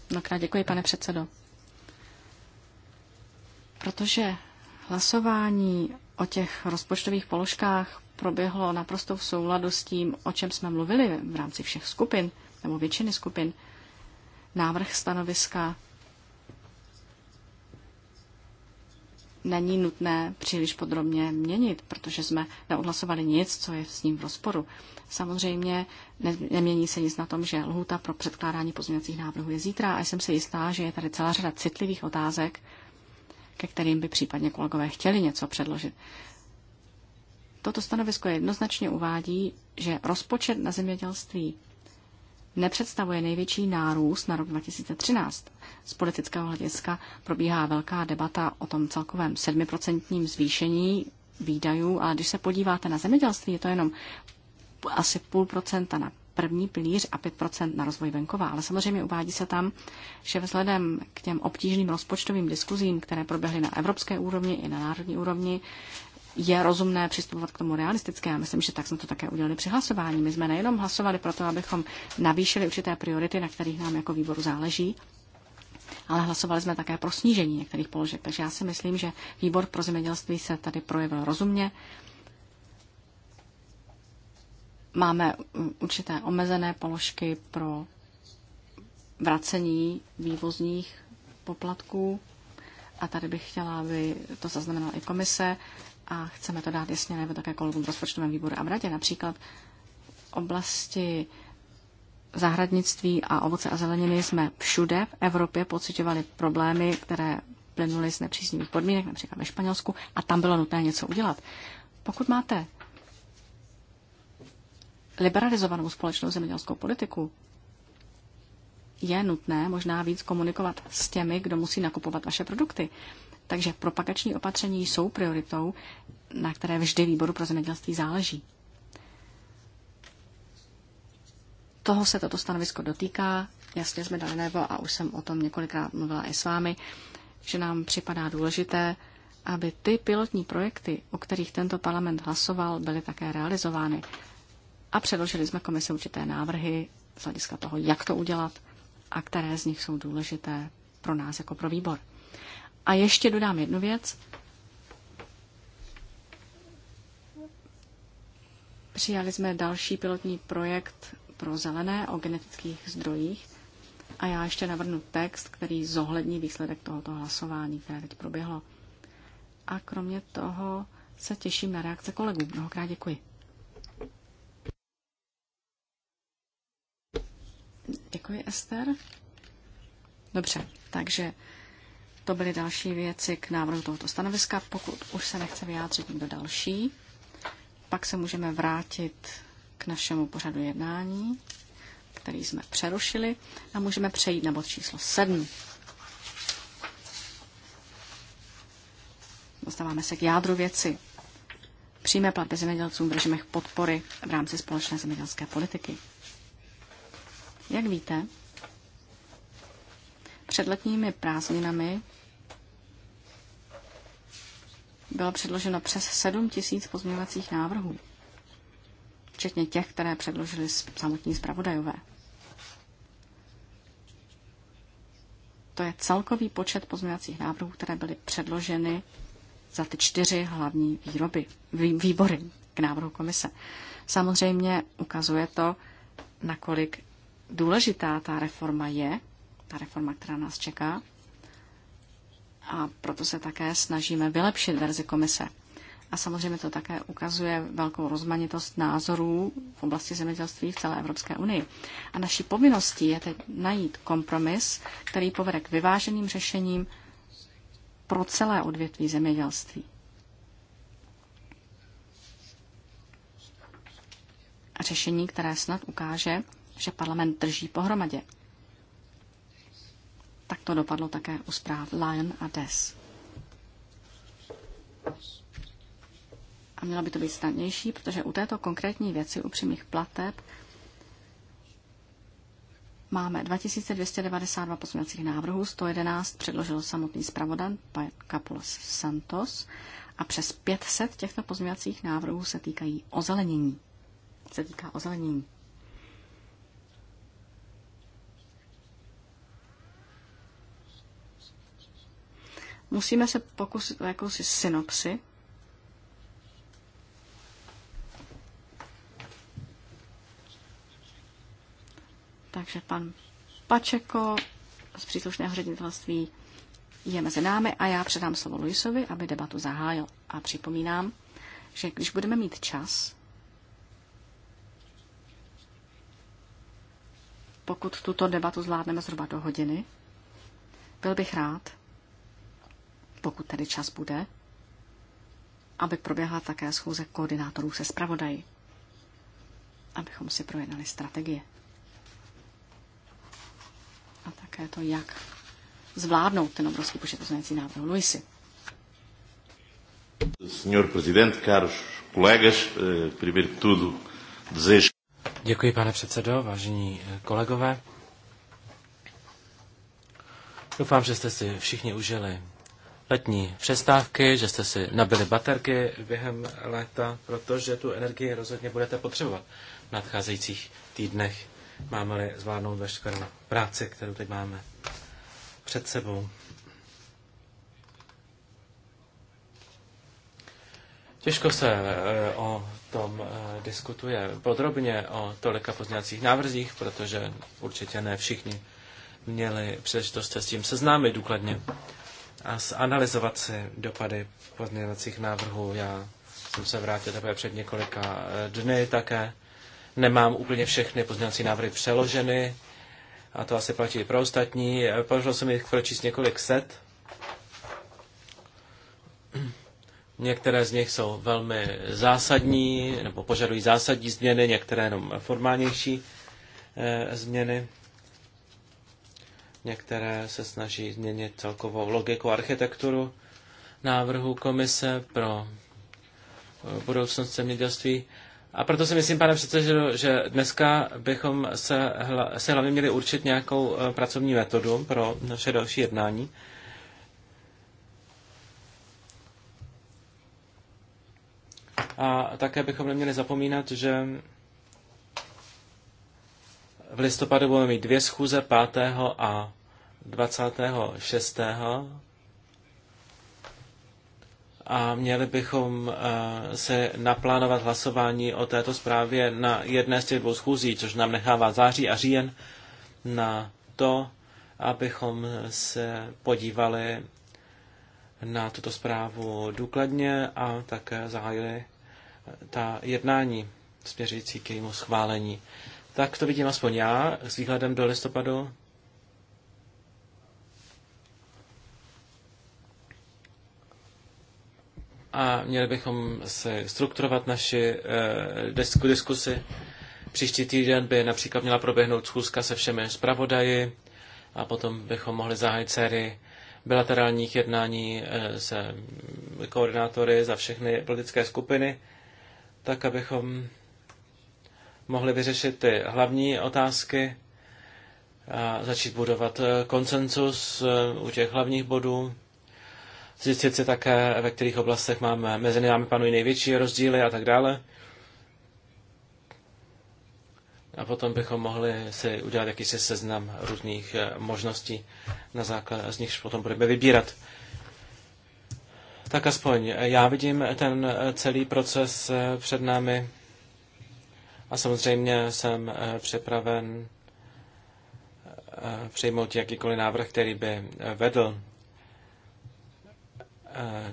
Mnohokrát děkuji, pane předsedo. Protože hlasování o těch rozpočtových položkách proběhlo naprosto v souladu s tím, o čem jsme mluvili v rámci všech skupin, nebo většiny skupin. Návrh stanoviska není nutné příliš podrobně měnit, protože jsme neodhlasovali nic, co je s ním v rozporu. Samozřejmě nemění se nic na tom, že lhůta pro předkládání pozměňovacích návrhů je zítra a jsem si jistá, že je tady celá řada citlivých otázek, ke kterým by případně kolegové chtěli něco předložit. Toto stanovisko jednoznačně uvádí, že rozpočet na zemědělství nepředstavuje největší nárůst na rok 2013. Z politického hlediska probíhá velká debata o tom celkovém 7% zvýšení výdajů, ale když se podíváte na zemědělství, je to jenom asi půl procenta na první pilíř a 5% na rozvoj venkova. Ale samozřejmě uvádí se tam, že vzhledem k těm obtížným rozpočtovým diskuzím, které proběhly na evropské úrovni i na národní úrovni, je rozumné přistupovat k tomu realistické. Já myslím, že tak jsme to také udělali při hlasování. My jsme nejenom hlasovali proto, abychom navýšili určité priority, na kterých nám jako výboru záleží, ale hlasovali jsme také pro snížení některých položek. Takže já si myslím, že výbor pro zemědělství se tady projevil rozumně. Máme určité omezené položky pro vracení vývozních poplatků. A tady bych chtěla, aby to zaznamenala i komise a chceme to dát jasně nebo také kolegům v rozpočtovém výboru a v radě, například v oblasti zahradnictví a ovoce a zeleniny jsme všude v Evropě pocitovali problémy, které plynuly z nepříznivých podmínek, například ve Španělsku, a tam bylo nutné něco udělat. Pokud máte liberalizovanou společnou zemědělskou politiku, je nutné možná víc komunikovat s těmi, kdo musí nakupovat vaše produkty. Takže propagační opatření jsou prioritou, na které vždy výboru pro zemědělství záleží. Toho se toto stanovisko dotýká, jasně jsme dali nebo a už jsem o tom několikrát mluvila i s vámi, že nám připadá důležité, aby ty pilotní projekty, o kterých tento parlament hlasoval, byly také realizovány. A předložili jsme komisi určité návrhy z hlediska toho, jak to udělat a které z nich jsou důležité pro nás jako pro výbor. A ještě dodám jednu věc. Přijali jsme další pilotní projekt pro zelené o genetických zdrojích a já ještě navrhnu text, který zohlední výsledek tohoto hlasování, které teď proběhlo. A kromě toho se těším na reakce kolegů. Mnohokrát děkuji. Děkuji, Ester. Dobře, takže to byly další věci k návrhu tohoto stanoviska. Pokud už se nechce vyjádřit někdo další, pak se můžeme vrátit k našemu pořadu jednání, který jsme přerušili, a můžeme přejít na bod číslo 7. Dostáváme se k jádru věci. Přijme platby zemědělcům v režimech podpory v rámci společné zemědělské politiky. Jak víte, před letními prázdninami bylo předloženo přes 7 tisíc pozměňovacích návrhů, včetně těch, které předložili samotní zpravodajové. To je celkový počet pozměňovacích návrhů, které byly předloženy za ty čtyři hlavní výroby, výbory k návrhu komise. Samozřejmě ukazuje to, nakolik důležitá ta reforma je ta reforma, která nás čeká. A proto se také snažíme vylepšit verzi komise. A samozřejmě to také ukazuje velkou rozmanitost názorů v oblasti zemědělství v celé Evropské unii. A naší povinností je teď najít kompromis, který povede k vyváženým řešením pro celé odvětví zemědělství. A řešení, které snad ukáže, že parlament drží pohromadě. Tak to dopadlo také u zpráv Lion a Des. A mělo by to být snadnější, protože u této konkrétní věci, u přímých plateb, máme 2292 pozměňovacích návrhů, 111 předložil samotný zpravodan pan Kapulos Santos a přes 500 těchto pozměňovacích návrhů se týkají ozelenění. Se týká ozelenění. Musíme se pokusit o jakousi synopsi. Takže pan Pačeko z příslušného ředitelství je mezi námi a já předám slovo Luisovi, aby debatu zahájil. A připomínám, že když budeme mít čas, pokud tuto debatu zvládneme zhruba do hodiny, byl bych rád, pokud tedy čas bude, aby proběhla také schůze koordinátorů se zpravodají, abychom si projednali strategie. A také to, jak zvládnout ten obrovský počet pozměňovacích návrhů. Luisy. Senhor Presidente, caros colegas, eh, primeiro que tudo desejo. Děkuji, pane předsedo, vážení eh, kolegové. Doufám, že jste si všichni užili letní přestávky, že jste si nabili baterky během léta, protože tu energii rozhodně budete potřebovat v nadcházejících týdnech. Máme-li zvládnout veškerou práci, kterou teď máme před sebou. Těžko se eh, o tom eh, diskutuje podrobně, o tolika pozměňovacích návrzích, protože určitě ne všichni měli příležitost se s tím seznámit důkladně a zanalizovat si dopady pozměňovacích návrhů. Já jsem se vrátil takové před několika eh, dny také. Nemám úplně všechny pozměňovací návrhy přeloženy a to asi platí i pro ostatní. Eh, podařilo se mi jich pročíst několik set. Některé z nich jsou velmi zásadní, nebo požadují zásadní změny, některé jenom formálnější e, změny. Některé se snaží změnit celkovou logiku architekturu návrhu komise pro eh, budoucnost zemědělství. A proto si myslím, pane předsedo, že dneska bychom se, hla, se hlavně měli určit nějakou eh, pracovní metodu pro naše další jednání. A také bychom neměli zapomínat, že v listopadu budeme mít dvě schůze, 5. a 26. A měli bychom eh, se naplánovat hlasování o této zprávě na jedné z těch dvou schůzí, což nám nechává září a říjen na to, abychom se podívali na tuto zprávu důkladně a také zahájili ta jednání směřující k jejímu schválení. Tak to vidím aspoň já s výhledem do listopadu. A měli bychom se strukturovat naši eh, diskusy. Příští týden by například měla proběhnout schůzka se všemi zpravodaji a potom bychom mohli zahájit sérii bilaterálních jednání eh, se koordinátory za všechny politické skupiny, tak abychom mohli vyřešit ty hlavní otázky a začít budovat eh, konsenzus eh, u těch hlavních bodů. Zjistit si také, ve kterých oblastech máme, mezi námi panují největší rozdíly a tak dále. A potom bychom mohli si udělat jakýsi seznam různých eh, možností, na základě z nichž potom budeme vybírat. Tak aspoň já vidím ten celý proces před námi a samozřejmě jsem eh, připraven eh, přijmout jakýkoliv návrh, který by eh, vedl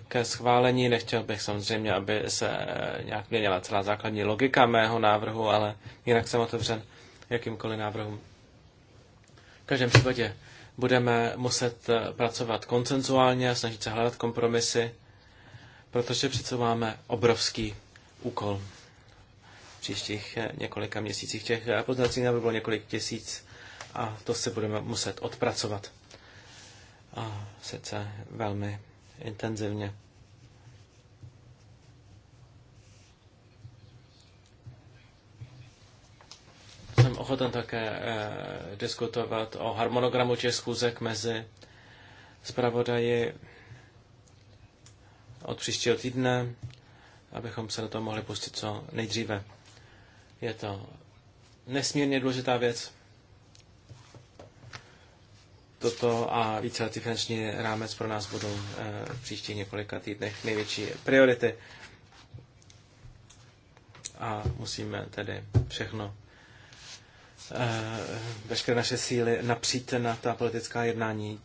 ke schválení. Nechtěl bych samozřejmě, aby se nějak měnila celá základní logika mého návrhu, ale jinak jsem otevřen jakýmkoliv návrhům. V každém případě budeme muset pracovat koncenzuálně a snažit se hledat kompromisy, protože přece máme obrovský úkol příštích eh, několika měsících. Těch eh, poznacích návrhů bylo několik tisíc a to se budeme muset odpracovat. A sice velmi intenzivně. Jsem ochoten také eh, diskutovat o harmonogramu těch schůzek mezi zpravodaji od příštího týdne, abychom se do toho mohli pustit co nejdříve. Je to nesmírně důležitá věc. Toto a víceletý finanční rámec pro nás budou eh, v příštích několika týdnech největší priority. A musíme tedy všechno eh, veškeré naše síly napřít na ta politická jednání.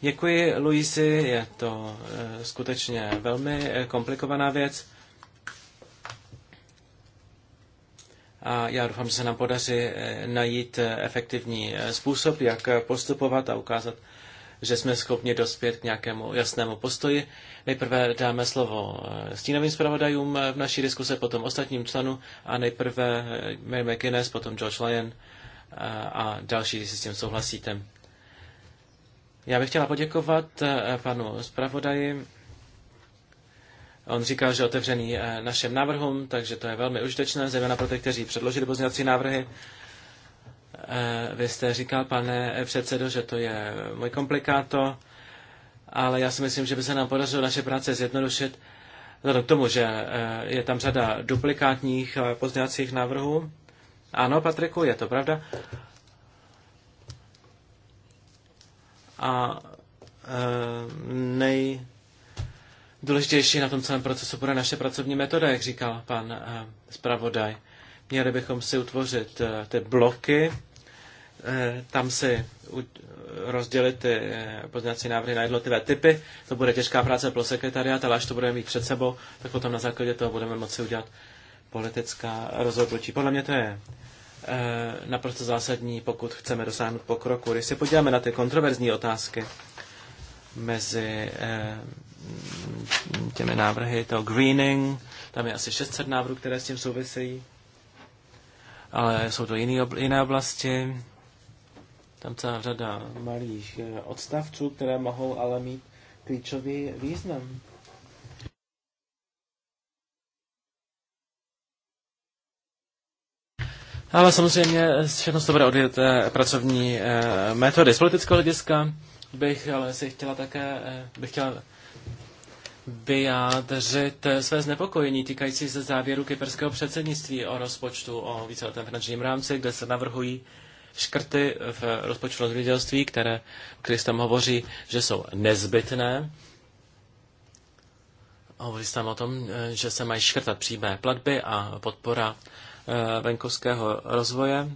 Děkuji, Luisi, je to eh, skutečně velmi komplikovaná věc. a já doufám, že se nám podaří eh, najít eh, efektivní eh, způsob, jak postupovat a ukázat, že jsme schopni dospět k nějakému jasnému postoji. Nejprve dáme slovo stínovým zpravodajům v naší diskuse, potom ostatním členům a nejprve Mary McGuinness, potom George Lyon a další, když si s tím souhlasíte. Já bych chtěla poděkovat panu zpravodaji On říká, že otevřený eh, našem návrhům, takže to je velmi užitečné, zejména pro ty, kteří předložili pozměňovací návrhy. Eh, vy jste říkal, pane předsedo, že to je můj komplikáto, ale já si myslím, že by se nám podařilo naše práce zjednodušit vzhledem k tomu, že eh, je tam řada duplikátních pozměňovacích návrhů. Ano, Patriku, je to pravda. A nej, Důležitější na tom celém procesu bude naše pracovní metoda, jak říkal pan eh, zpravodaj. Měli bychom si utvořit eh, ty bloky, eh, tam si rozdělit ty poznací návrhy na jednotlivé typy. To bude těžká práce pro sekretariat, ale až to budeme mít před sebou, tak potom na základě toho budeme moci udělat politická rozhodnutí. Podle mě to je naprosto zásadní, pokud chceme dosáhnout pokroku. Když se podíváme na ty kontroverzní otázky mezi Mm, těmi návrhy, to greening, tam je asi 600 návrhů, které s tím souvisejí, ale jsou to obl- jiné oblasti, tam celá řada malých eh, odstavců, které mohou ale mít klíčový význam. Ale samozřejmě všechno to bude odjet eh, pracovní eh, metody. Z politického hlediska bych ale si chtěla také, bych chtěla vyjádřit eh, své znepokojení týkající se závěru kyperského předsednictví o rozpočtu o víceletém finančním rámci, kde se navrhují škrty v rozpočtu zemědělství, které, které tam hovoří, že jsou nezbytné. Hovoří se tam o tom, eh, že se mají škrtat přímé platby a podpora eh, venkovského rozvoje.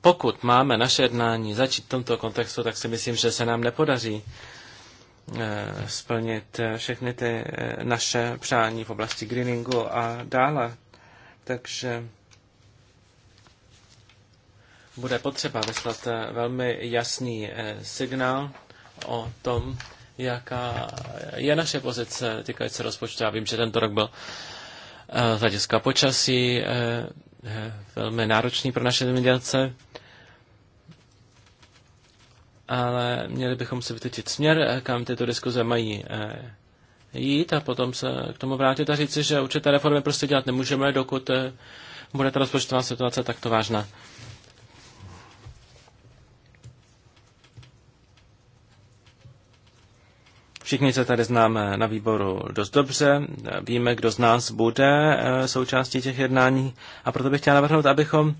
Pokud máme naše jednání začít v tomto kontextu, tak si myslím, že se nám nepodaří Eh, splnit eh, všechny ty eh, naše přání v oblasti greeningu a dále. Takže bude potřeba vyslat velmi jasný signál o tom, jaká je naše pozice týkající rozpočtu. Já vím, že tento rok byl z hlediska počasí velmi náročný pro naše zemědělce ale měli bychom si vytvořit směr, kam tyto diskuze mají eh, jít a potom se k tomu vrátit a říci, že určité reformy prostě dělat nemůžeme, dokud eh, bude ta rozpočtová situace takto vážná. Všichni se tady známe na výboru dost dobře, víme, kdo z nás bude eh, součástí těch jednání a proto bych chtěl navrhnout, abychom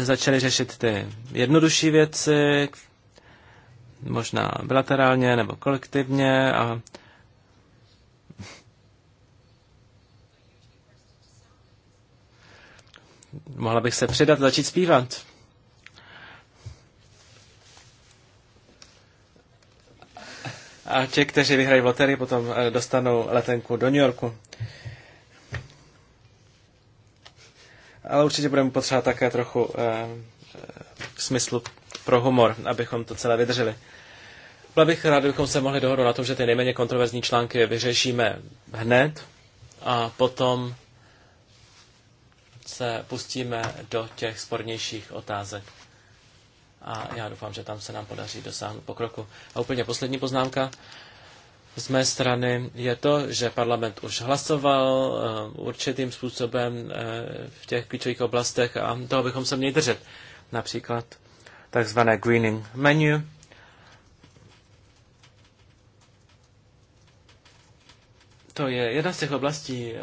začali řešit ty jednodušší věci, možná bilaterálně nebo kolektivně a mohla bych se přidat, začít zpívat. A ti, kteří vyhrají v loterii, potom eh, dostanou letenku do New Yorku. Ale určitě budeme potřebovat také trochu eh, eh smyslu pro humor, abychom to celé vydrželi. Byl bych rád, bychom se mohli dohodnout na tom, že ty nejméně kontroverzní články vyřešíme hned a potom se pustíme do těch spornějších otázek. A já doufám, že tam se nám podaří dosáhnout pokroku. A úplně poslední poznámka z mé strany je to, že parlament už hlasoval eh, určitým způsobem eh, v těch klíčových oblastech a toho bychom se měli držet. Například takzvané greening menu. To je jedna z těch oblastí, eh,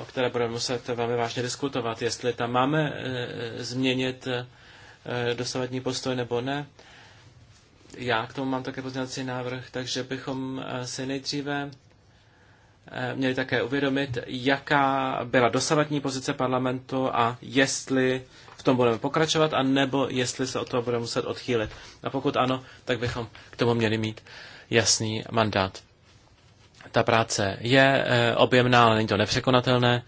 o které budeme muset velmi vážně diskutovat, jestli tam máme eh, změnit eh, dosavadní postoj nebo ne. Já k tomu mám také pozměňovací návrh, takže bychom si nejdříve měli také uvědomit, jaká byla dosavadní pozice parlamentu a jestli v tom budeme pokračovat, a nebo jestli se o toho budeme muset odchýlit. A pokud ano, tak bychom k tomu měli mít jasný mandát. Ta práce je eh, objemná, ale není to nepřekonatelné.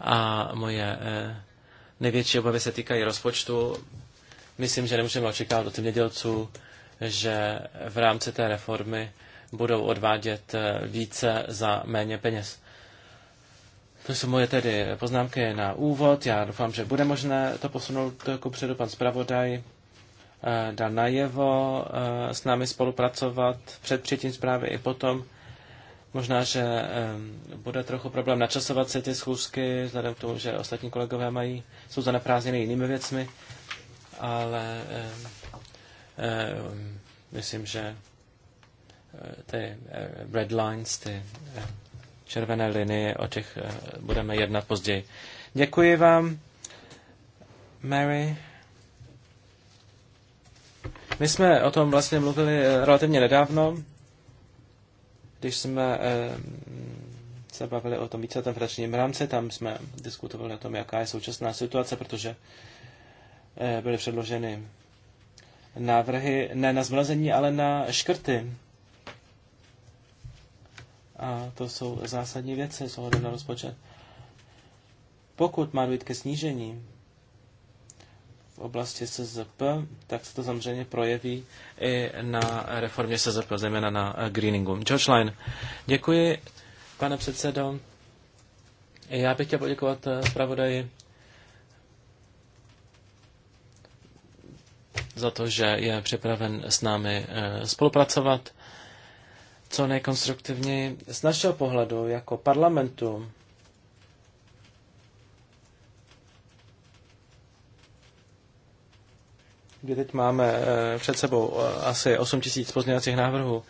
A moje eh, největší obavy se týkají rozpočtu. Myslím, že nemůžeme očekávat od zemědělců, že v rámci té reformy budou odvádět eh, více za méně peněz. To jsou moje tedy poznámky na úvod. Já doufám, že bude možné to posunout ku předu. Pan zpravodaj eh, dá najevo eh, s námi spolupracovat před přijetím zprávy i potom. Možná, že eh, bude trochu problém načasovat se ty schůzky, vzhledem k tomu, že ostatní kolegové mají, jsou zaneprázdněny jinými věcmi, ale myslím, že ty red lines, ty červené linie, o těch eh, budeme jednat později. Děkuji vám, Mary. My jsme o tom vlastně mluvili eh, relativně nedávno, když jsme eh, se bavili o tom více finančním rámci, tam jsme diskutovali o tom, jaká je současná situace, protože byly předloženy návrhy ne na zmrazení, ale na škrty a to jsou zásadní věci s ohledem na rozpočet. Pokud má dojít ke snížení v oblasti SZP, tak se to samozřejmě projeví i na reformě SZP, zejména na greeningu. George Line, děkuji, pane předsedo. Já bych chtěl poděkovat eh, zpravodaji za to, že je připraven s námi eh, spolupracovat co nejkonstruktivněji z našeho pohledu jako parlamentu. kdy teď máme eh, před sebou eh, asi 8 tisíc pozměňovacích návrhů,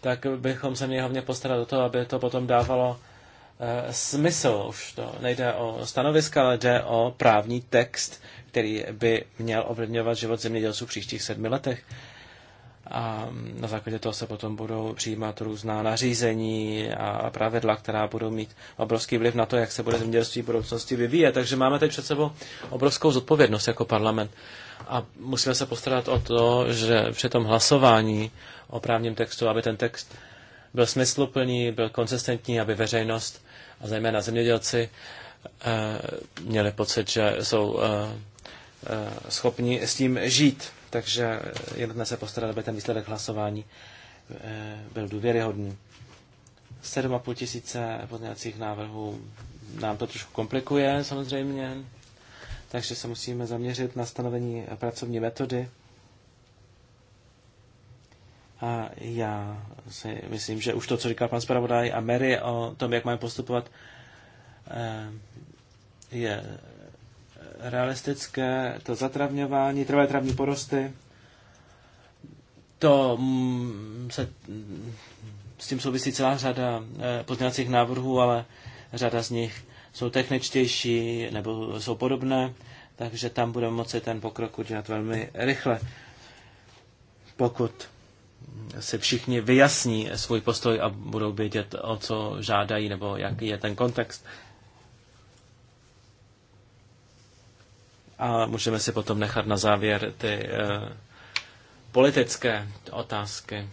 tak bychom se měli hlavně postarat o to, aby to potom dávalo eh, smysl. Už to nejde o stanoviska, ale jde o právní text, který by měl ovlivňovat život zemědělců v příštích sedmi letech a na základě toho se potom budou přijímat různá nařízení a pravidla, která budou mít obrovský vliv na to, jak se bude zemědělství v budoucnosti vyvíjet. Takže máme teď před sebou obrovskou zodpovědnost jako parlament a musíme se postarat o to, že při tom hlasování o právním textu, aby ten text byl smysluplný, byl konsistentní, aby veřejnost a zejména zemědělci eh, měli pocit, že jsou eh, eh, schopni s tím žít takže je nutné se postarat, aby ten výsledek hlasování eh, byl důvěryhodný. 7,5 tisíce pozměňovacích návrhů nám to trošku komplikuje samozřejmě, takže se musíme zaměřit na stanovení pracovní metody. A já si myslím, že už to, co říkal pan zpravodaj a Mary o tom, jak máme postupovat, eh, je realistické, to zatravňování, trvalé travní porosty, to mm, se, mm, s tím souvisí celá řada eh, pozměňovacích návrhů, ale řada z nich jsou techničtější nebo jsou podobné, takže tam budeme moci ten pokrok udělat velmi rychle. Pokud se všichni vyjasní svůj postoj a budou vědět, o co žádají nebo jaký je ten kontext. A můžeme si potom nechat na závěr ty eh, politické otázky.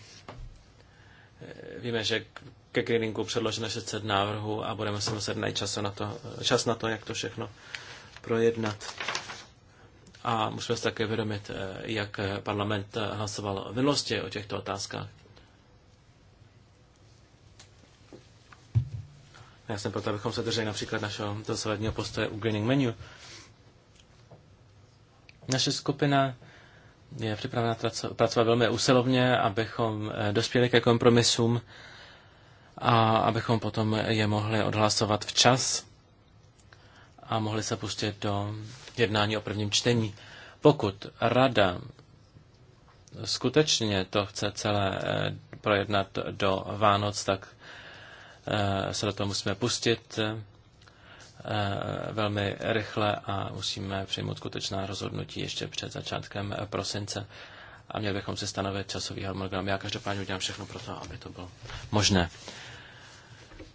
Eh, víme, že ke greeningu předloženo 600 návrhů a budeme se muset najít čas na to, eh, čas na to jak to všechno projednat. A musíme se také vědomit, jak parlament hlasoval v minulosti o těchto otázkách. Já jsem proto, abychom se drželi například našeho dosavadního postoje u Greening Menu. Naše skupina je připravena pracovat velmi usilovně, abychom eh, dospěli ke kompromisům a abychom potom je mohli odhlasovat včas a mohli se pustit do jednání o prvním čtení. Pokud rada skutečně to chce celé eh, projednat do Vánoc, tak eh, se do toho musíme pustit. Eh, velmi rychle a musíme přijmout skutečná rozhodnutí ještě před začátkem prosince a měli bychom si stanovit časový harmonogram. Já každopádně udělám všechno pro to, aby to bylo možné.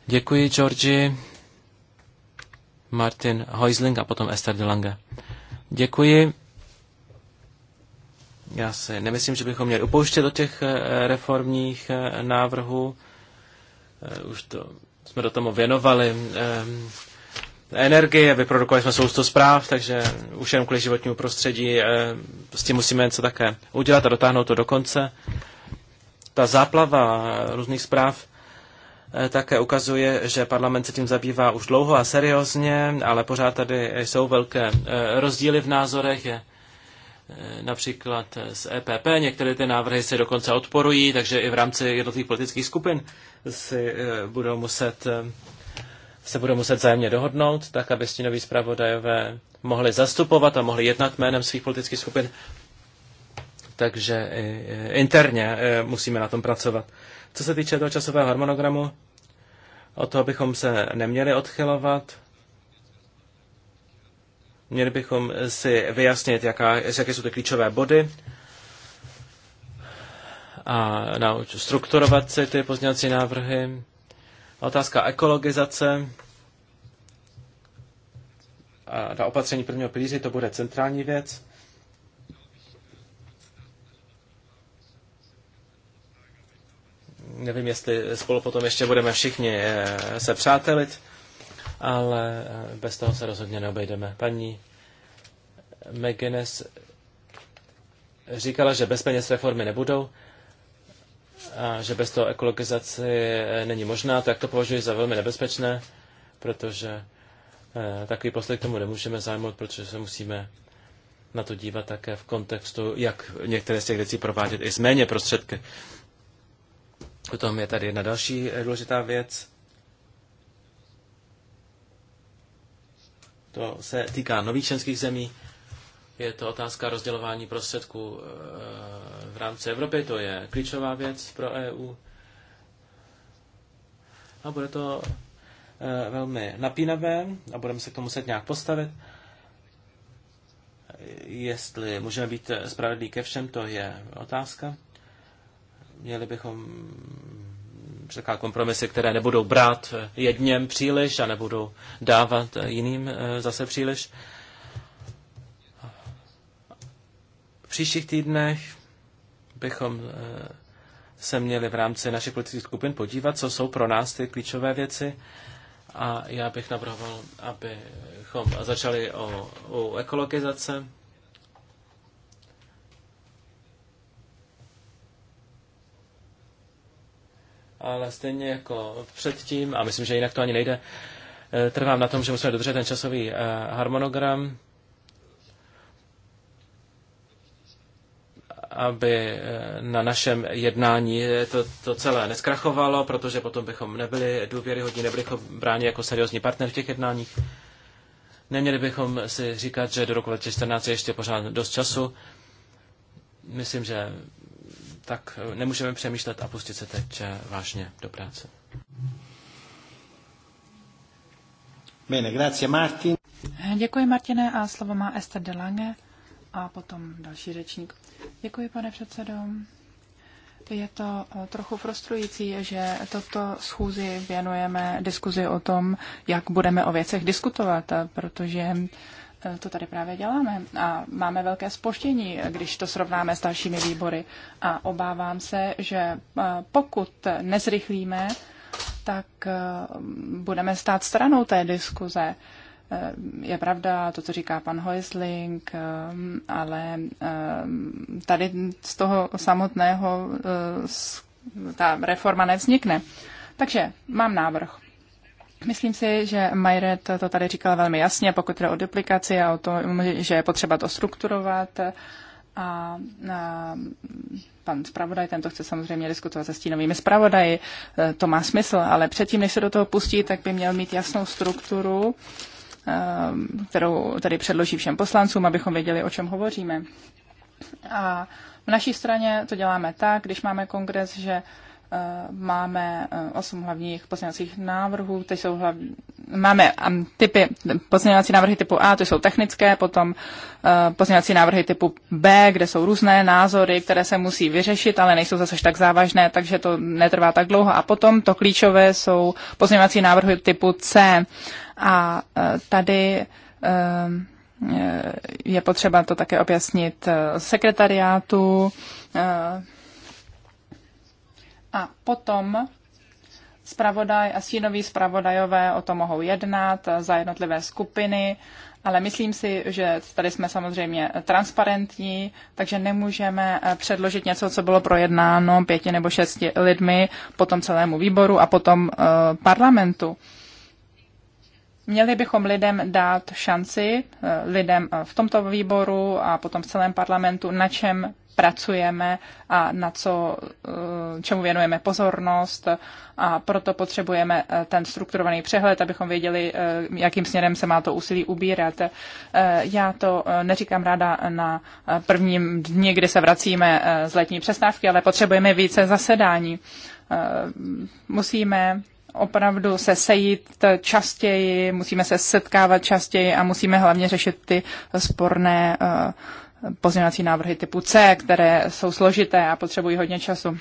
Děkuji, Georgi. Martin Heusling a potom Esther de Lange. Děkuji. Já si nemyslím, že bychom měli upouštět do těch eh, reformních eh, návrhů. Už to jsme do tomu věnovali energie, vyprodukovali jsme sousto zpráv, takže už jenom kvůli životnímu prostředí eh, s tím musíme něco také udělat a dotáhnout to do konce. Ta záplava různých zpráv eh, také ukazuje, že parlament se tím zabývá už dlouho a seriózně, ale pořád tady jsou velké eh, rozdíly v názorech. Například z EPP, některé ty návrhy se dokonce odporují, takže i v rámci jednotlivých politických skupin si budou muset se budou muset zájemně dohodnout, tak aby stínoví zpravodajové mohli zastupovat a mohli jednat jménem svých politických skupin. Takže e, e, interně e, musíme na tom pracovat. Co se týče toho časového harmonogramu, o to bychom se neměli odchylovat. Měli bychom si vyjasnit, jaká, jaké jsou ty klíčové body a naučit strukturovat si ty pozněvací návrhy Otázka ekologizace a na opatření prvního pilíře to bude centrální věc. Nevím, jestli spolu potom ještě budeme všichni eh, se přátelit, ale eh, bez toho se rozhodně neobejdeme. Paní McGuinness říkala, že bez peněz reformy nebudou a že bez toho ekologizace není možná, tak to považuji za velmi nebezpečné, protože eh, takový postoj k tomu nemůžeme zajmout, protože se musíme na to dívat také v kontextu, jak některé z těch věcí provádět i s méně prostředky. Potom je tady jedna další eh, důležitá věc. To se týká nových členských zemí. Je to otázka rozdělování prostředků eh, rámci Evropy, to je klíčová věc pro EU. A bude to e, velmi napínavé a budeme se k tomu muset nějak postavit. Jestli můžeme být spravedlí ke všem, to je otázka. Měli bychom řeká kompromisy, které nebudou brát jedněm příliš a nebudou dávat jiným e, zase příliš. V příštích týdnech bychom eh, se měli v rámci našich politických skupin podívat, co jsou pro nás ty klíčové věci. A já bych navrhoval, abychom začali o, o ekologizace. Ale stejně jako předtím, a myslím, že jinak to ani nejde, eh, trvám na tom, že musíme dodržet ten časový eh, harmonogram aby eh, na našem jednání to, to celé neskrachovalo, protože potom bychom nebyli důvěryhodní, nebyli bychom bráni jako seriózní partner v těch jednáních. Neměli bychom si říkat, že do roku 2014 je ještě pořád dost času. Myslím, že tak nemůžeme přemýšlet a pustit se teď eh, vážně do práce. Bene, grazie Martin. Děkuji Martine a slovo má Esther Delange a potom další řečník. Děkuji, pane předsedo. Je to eh, trochu frustrující, že toto schůzi věnujeme diskuzi o tom, jak budeme o věcech diskutovat, eh, protože eh, to tady právě děláme a máme velké spoštění, když to srovnáme s dalšími výbory. A obávám se, že pokud nezrychlíme, tak budeme stát stranou té diskuze. Eh, je pravda to, co říká pan Heusling, eh, ale eh, tady z toho samotného ta reforma nevznikne. Takže mám návrh. Myslím si, že Majret to tady říkala velmi jasně, pokud jde o duplikaci a o to, že je potřeba to strukturovat. A, a pan zpravodaj, ten to chce samozřejmě diskutovat se stínovými zpravodaji, to má smysl, ale předtím, než se do toho pustí, tak by měl mít jasnou strukturu Ehm, kterou tady předloží všem poslancům, abychom věděli, o čem hovoříme. A v naší straně to děláme tak, když máme kongres, že Eh, máme eh, osm hlavních pozměňovacích návrhů, ty jsou hlavní, máme typy, pozměňovací návrhy typu A, to jsou technické, potom eh, pozměňovací návrhy typu B, kde jsou různé názory, které se musí vyřešit, ale nejsou zase tak závažné, takže to netrvá tak dlouho. A potom to klíčové jsou pozměňovací návrhy typu C. A tady ehm, je potřeba to také objasnit sekretariátu, a potom zpravodaj a stínoví zpravodajové o tom mohou jednat za jednotlivé skupiny, ale myslím si, že tady jsme samozřejmě transparentní, takže nemůžeme eh, předložit něco, co bylo projednáno pěti nebo šesti lidmi, potom celému výboru a potom eh, parlamentu. Měli bychom lidem dát šanci, eh, lidem eh, v tomto výboru a potom v celém parlamentu, na čem pracujeme a na co, eh, čemu věnujeme pozornost a proto potřebujeme ten strukturovaný přehled, abychom věděli, jakým směrem se má to úsilí ubírat. Já to neříkám ráda na prvním dni, kdy se vracíme z letní přestávky, ale potřebujeme více zasedání. Musíme opravdu se sejít častěji, musíme se setkávat častěji a musíme hlavně řešit ty sporné eh, pozměňovací návrhy typu C, které jsou složité a potřebují hodně času.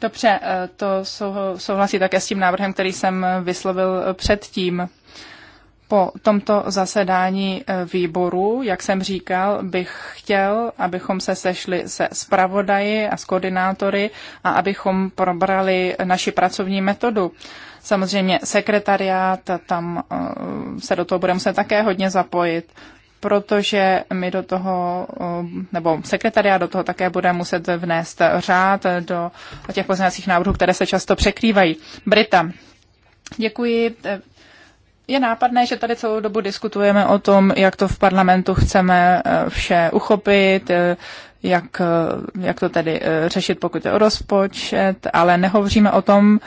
Dobře, eh, to souhlasí také s tím návrhem, který jsem vyslovil předtím po tomto zasedání e, výboru, jak jsem říkal, bych chtěl, abychom se sešli se zpravodaji a s koordinátory a abychom probrali naši pracovní metodu. Samozřejmě sekretariát, tam e, se do toho budeme se také hodně zapojit, protože my do toho, e, nebo sekretariát do toho také bude muset vnést řád do těch pozměňovacích návrhů, které se často překrývají. Brita. Děkuji je nápadné, že tady celou dobu diskutujeme o tom, jak to v parlamentu chceme eh, vše uchopit, eh, jak, eh, jak to tedy řešit, pokud je o rozpočet, ale nehovoříme o tom,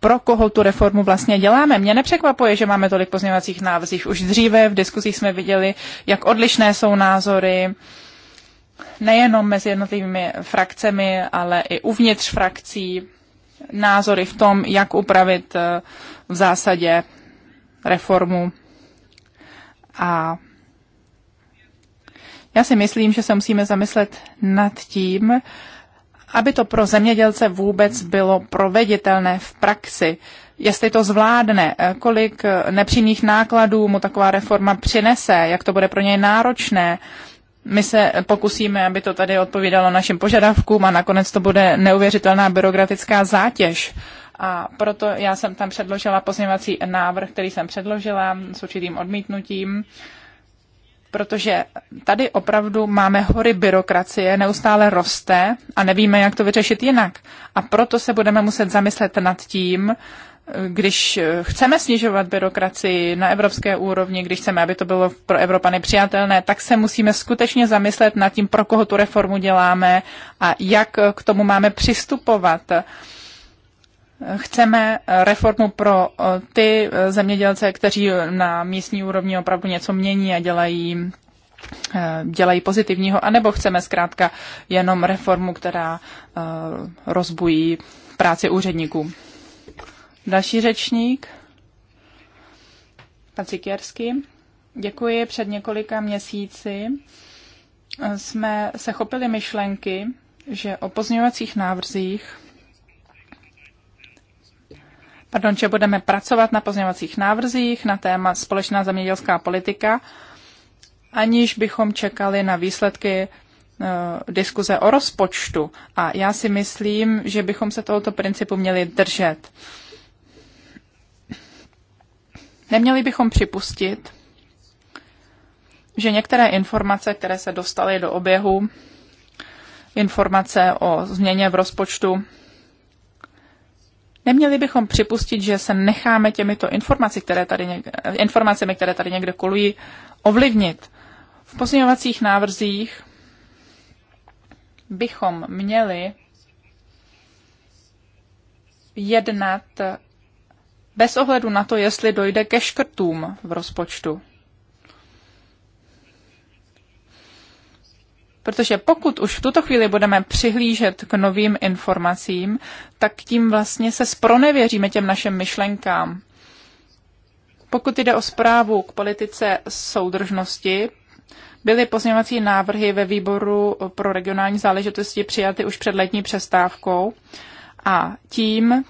pro koho tu reformu vlastně děláme. Mě nepřekvapuje, že máme tolik pozměňovacích návrzích. Už dříve v diskuzích jsme viděli, jak odlišné jsou názory nejenom mezi jednotlivými frakcemi, ale i uvnitř frakcí názory v tom, jak upravit v zásadě reformu. A já si myslím, že se musíme zamyslet nad tím, aby to pro zemědělce vůbec bylo proveditelné v praxi, jestli to zvládne, kolik nepřímých nákladů mu taková reforma přinese, jak to bude pro něj náročné. My se pokusíme, aby to tady odpovídalo našim požadavkům a nakonec to bude neuvěřitelná byrokratická zátěž a proto já jsem tam předložila pozměňovací návrh, který jsem předložila s určitým odmítnutím protože tady opravdu máme hory byrokracie, neustále roste a nevíme, jak to vyřešit jinak. A proto se budeme muset zamyslet nad tím, když chceme snižovat byrokracii na evropské úrovni, když chceme, aby to bylo pro Evropa nepřijatelné, tak se musíme skutečně zamyslet nad tím, pro koho tu reformu děláme a jak k tomu máme přistupovat chceme reformu pro eh, ty eh, zemědělce, kteří na místní úrovni opravdu něco mění a dělají eh, dělají pozitivního, anebo chceme zkrátka jenom reformu, která rozbují práci úředníků. Další řečník, pan Cikierský. Děkuji. Před několika měsíci jsme se chopili myšlenky, že o pozměňovacích návrzích pardon, že budeme pracovat na pozněvacích návrzích na téma společná zemědělská politika, aniž bychom čekali na výsledky eh, diskuze o rozpočtu. A já si myslím, že bychom se tohoto principu měli držet. Neměli bychom připustit, že některé informace, které se dostaly do oběhu, informace o změně v rozpočtu, Neměli bychom připustit, že se necháme těmito informací, které tady někde, informacemi, které tady někde kolují, ovlivnit. V pozměňovacích návrzích bychom měli jednat bez ohledu na to, jestli dojde ke škrtům v rozpočtu. Protože pokud už v tuto chvíli budeme přihlížet k novým informacím, tak tím vlastně se spronevěříme těm našim myšlenkám. Pokud jde o zprávu k politice soudržnosti, byly pozměňovací návrhy ve výboru pro regionální záležitosti přijaty už před letní přestávkou a tím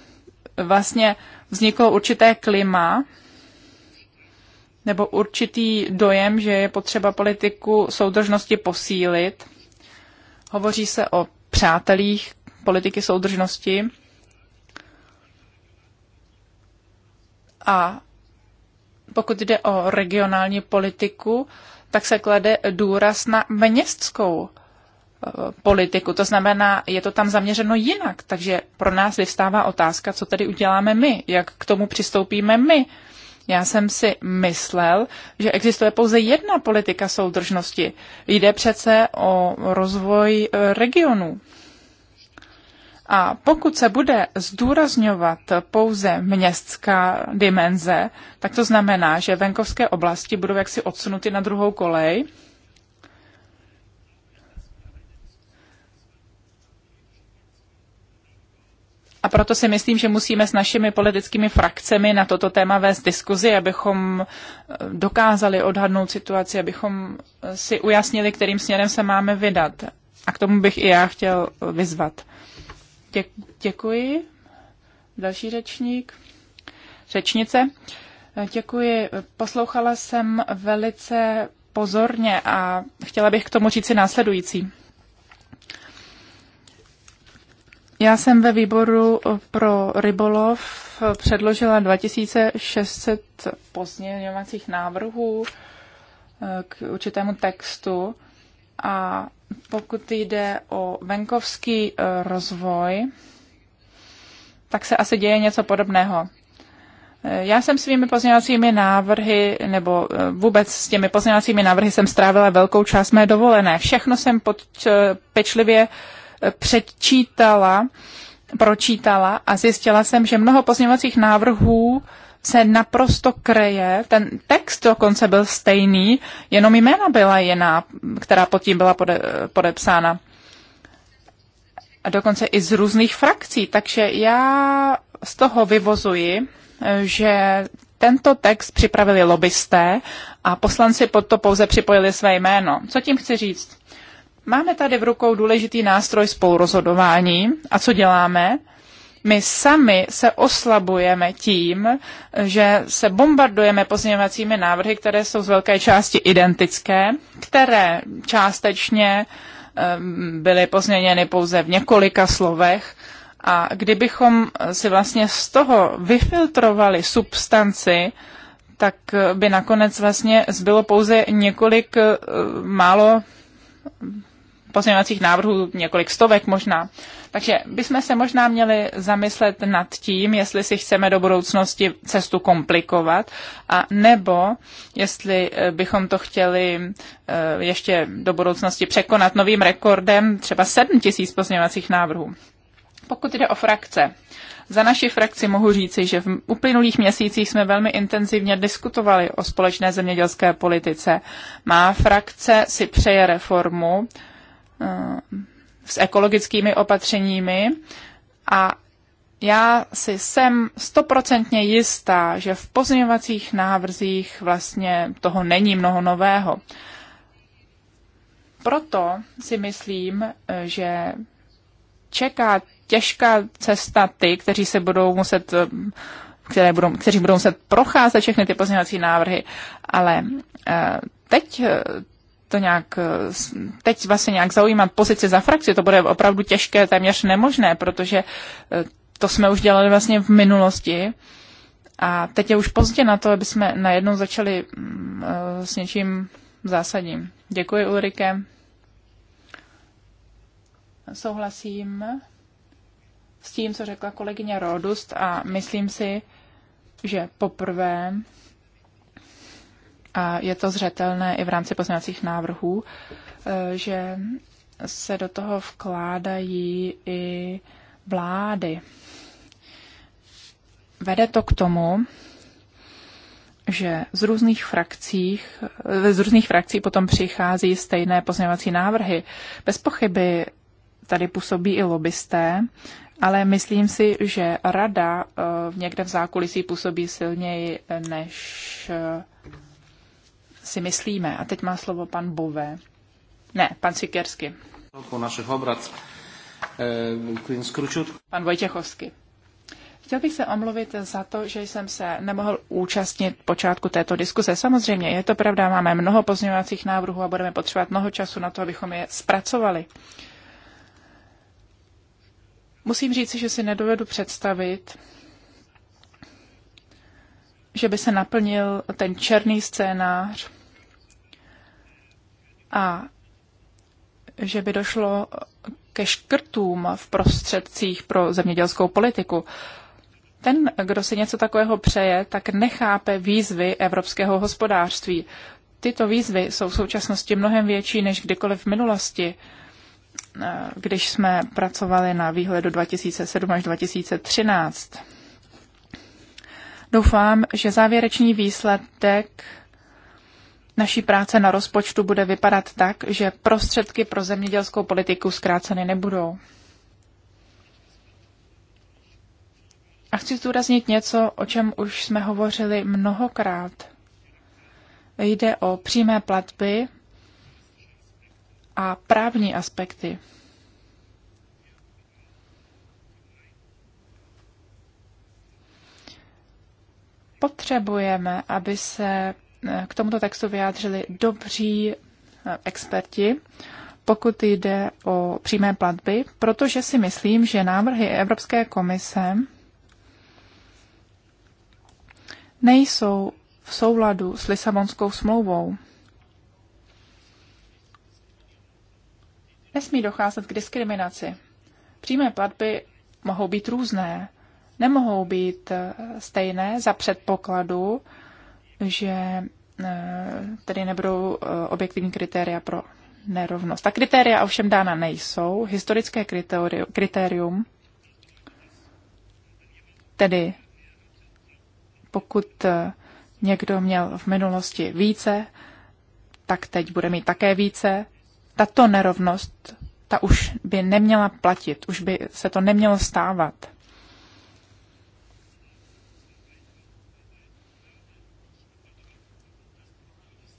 vlastně vzniklo určité klima nebo určitý dojem, že je potřeba politiku soudržnosti posílit. Hovoří se o přátelích politiky soudržnosti. A pokud jde o regionální politiku, tak se klade důraz na městskou e, politiku. To znamená, je to tam zaměřeno jinak. Takže pro nás vyvstává otázka, co tedy uděláme my, jak k tomu přistoupíme my. Já jsem si myslel, že existuje pouze jedna politika soudržnosti. Jde přece o rozvoj e, regionů. A pokud se bude zdůrazňovat pouze městská dimenze, tak to znamená, že venkovské oblasti budou jaksi odsunuty na druhou kolej A proto si myslím, že musíme s našimi politickými frakcemi na toto téma vést diskuzi, abychom eh, dokázali odhadnout situaci, abychom eh, si ujasnili, kterým směrem se máme vydat. A k tomu bych i já chtěl eh, vyzvat. Děkuji. Další řečník. Řečnice. Děkuji. Poslouchala jsem velice pozorně a chtěla bych k tomu říci následující. Já jsem ve výboru pro rybolov předložila 2600 pozměňovacích návrhů eh, k určitému textu a pokud jde o venkovský eh, rozvoj, tak se asi děje něco podobného. Eh, já jsem svými pozměňovacími návrhy, nebo vůbec s těmi pozměňovacími návrhy jsem strávila velkou část mé dovolené. Všechno jsem pod, pečlivě uh, předčítala, pročítala a zjistila jsem, že mnoho pozměňovacích návrhů se naprosto kreje. Ten text dokonce byl stejný, jenom jména byla jiná, která pod tím byla pode, podepsána. A dokonce i z různých frakcí. Takže já z toho vyvozuji, že tento text připravili lobbysté a poslanci pod to pouze připojili své jméno. Co tím chci říct? Máme tady v rukou důležitý nástroj spolurozhodování a co děláme? My sami se oslabujeme tím, že se bombardujeme pozměňovacími návrhy, které jsou z velké části identické, které částečně ehm, byly pozměněny pouze v několika slovech. A kdybychom si vlastně z toho vyfiltrovali substanci, tak by nakonec vlastně zbylo pouze několik eh, málo pozměňovacích návrhů, několik stovek možná. Takže bychom se možná měli zamyslet nad tím, jestli si chceme do budoucnosti cestu komplikovat, a nebo jestli eh, bychom to chtěli eh, ještě do budoucnosti překonat novým rekordem třeba 7 tisíc pozměňovacích návrhů. Pokud jde o frakce, za naši frakci mohu říci, že v uplynulých měsících jsme velmi intenzivně diskutovali o společné zemědělské politice. Má frakce si přeje reformu, s ekologickými opatřeními a já si jsem stoprocentně jistá, že v pozměňovacích návrzích vlastně toho není mnoho nového. Proto si myslím, že čeká těžká cesta ty, kteří se budou muset které budou, kteří budou muset procházet všechny ty pozměňovací návrhy, ale eh, teď eh, to nějak, eh, teď vlastně nějak zaujímat pozici za frakci, to bude opravdu těžké, téměř nemožné, protože eh, to jsme už dělali vlastně v minulosti a teď je už pozdě na to, aby jsme najednou začali mm, eh, s něčím zásadním. Děkuji Ulrike. Souhlasím s tím, co řekla kolegyně Rodust a myslím si, že poprvé a je to zřetelné i v rámci pozměňovacích návrhů, e, že se do toho vkládají i vlády. Vede to k tomu, že z různých, frakcích, e, z různých frakcí potom přichází stejné pozměňovací návrhy. Bez pochyby tady působí i lobbysté, ale myslím si, že rada e, někde v zákulisí působí silněji než si myslíme. A teď má slovo pan Bové. Ne, pan Sikersky. Po našich obrac, eh, Pan Vojtěchovský. Chtěl bych se omluvit za to, že jsem se nemohl účastnit počátku této diskuse. Samozřejmě, je to pravda, máme mnoho pozměňovacích návrhů a budeme potřebovat mnoho času na to, abychom je zpracovali. Musím říci, že si nedovedu představit, že by se naplnil ten černý scénář, a že by došlo ke škrtům v prostředcích pro zemědělskou politiku. Ten, kdo si něco takového přeje, tak nechápe výzvy evropského hospodářství. Tyto výzvy jsou v současnosti mnohem větší než kdykoliv v minulosti, eh, když jsme pracovali na výhledu 2007 až 2013. Doufám, že závěrečný výsledek naší práce na rozpočtu bude vypadat tak, že prostředky pro zemědělskou politiku zkráceny nebudou. A chci zdůraznit něco, o čem už jsme hovořili mnohokrát. Jde o přímé platby a právní aspekty. Potřebujeme, aby se k tomuto textu vyjádřili dobří eh, experti, pokud jde o přímé platby, protože si myslím, že návrhy Evropské komise nejsou v souladu s Lisabonskou smlouvou. Nesmí docházet k diskriminaci. Přímé platby mohou být různé, nemohou být eh, stejné za předpokladu, že E, tedy nebudou e, objektivní kritéria pro nerovnost. Ta kritéria ovšem dána nejsou. Historické kritérium, tedy pokud e, někdo měl v minulosti více, tak teď bude mít také více. Tato nerovnost, ta už by neměla platit, už by se to nemělo stávat.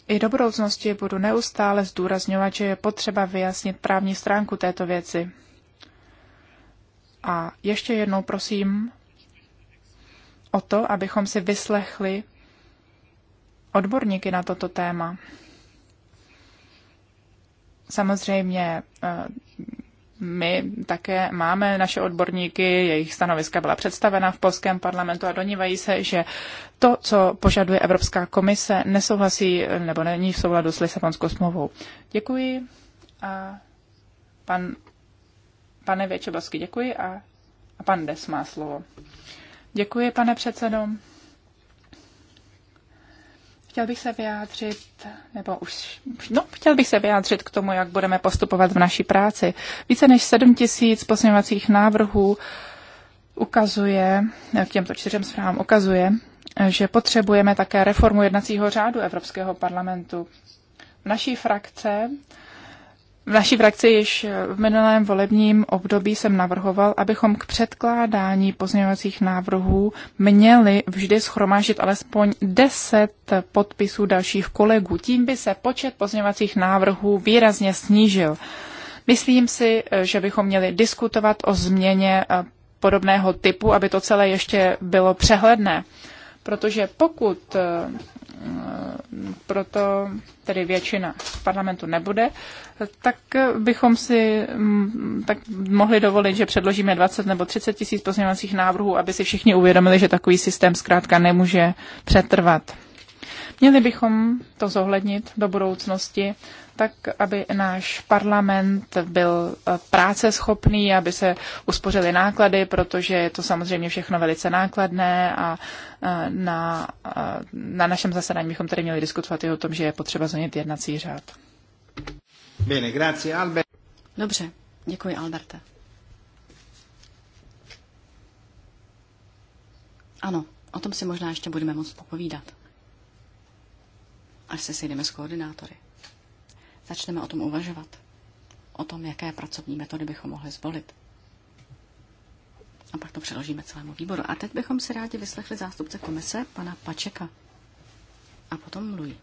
I do budoucnosti budu neustále zdůrazňovat, že je potřeba vyjasnit právní stránku této věci. A ještě jednou prosím o to, abychom si vyslechli odborníky na toto téma. Samozřejmě eh, my také máme naše odborníky, jejich stanoviska byla představena v polském parlamentu a donívají se, že to, co požaduje Evropská komise, nesouhlasí nebo není v souladu s Lisabonskou smlouvou. Děkuji a pan, pane Věčebovský, děkuji a, a pan Des má slovo. Děkuji, pane předsedo. Chtěl bych se vyjádřit, nebo už, no, chtěl bych se vyjádřit k tomu, jak budeme postupovat v naší práci. Více než 7 tisíc pozměňovacích návrhů ukazuje, k těmto čtyřem zprávám ukazuje, že potřebujeme také reformu jednacího řádu Evropského parlamentu. V naší frakce v naší frakci již eh, v minulém volebním období jsem navrhoval, abychom k předkládání pozměňovacích návrhů měli vždy schromážit alespoň 10 podpisů dalších kolegů. Tím by se počet pozměňovacích návrhů výrazně snížil. Myslím si, eh, že bychom měli diskutovat o změně eh, podobného typu, aby to celé ještě bylo přehledné. Protože pokud Eh, proto tedy většina v parlamentu nebude, tak bychom si mm, tak mohli dovolit, že předložíme 20 nebo 30 tisíc pozměňovacích návrhů, aby si všichni uvědomili, že takový systém zkrátka nemůže přetrvat. Měli bychom to zohlednit do budoucnosti, tak aby náš parlament byl eh, práceschopný, aby se uspořili náklady, protože je to samozřejmě všechno velice nákladné a eh, na, eh, na našem zasedání bychom tady měli diskutovat i o tom, že je potřeba změnit jednací řád. Bene, grazie, Albert. Dobře, děkuji, Alberte. Ano, o tom si možná ještě budeme moc popovídat až se sejdeme s koordinátory. Začneme o tom uvažovat. O tom, jaké pracovní metody bychom mohli zvolit. A pak to přeložíme celému výboru. A teď bychom si rádi vyslechli zástupce komise, pana Pačeka. A potom mluví.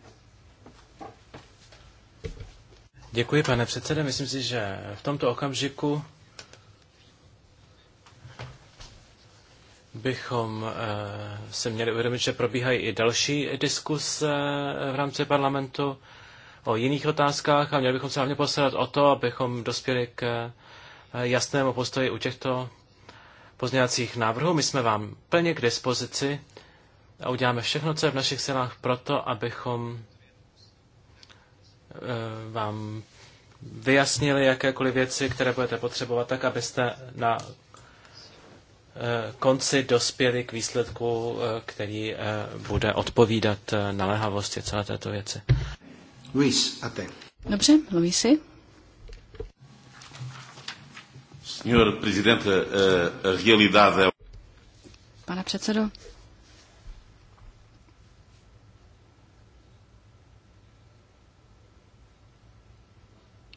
Děkuji, pane předsede. Myslím si, že v tomto okamžiku bychom eh, se měli uvědomit, že probíhají i další diskuse eh, v rámci parlamentu o jiných otázkách a měli bychom se hlavně postarat o to, abychom dospěli k eh, jasnému postoji u těchto pozměňovacích návrhů. My jsme vám plně k dispozici a uděláme všechno, co je v našich silách pro to, abychom vám vyjasnili jakékoliv věci, které budete potřebovat, tak abyste na Eh, konci dospěli k výsledku, eh, který eh, bude odpovídat naléhavosti celé této věci. Luis, a ty? Dobře, Luisi. Senhor prezidente, realidade Pane předsedo,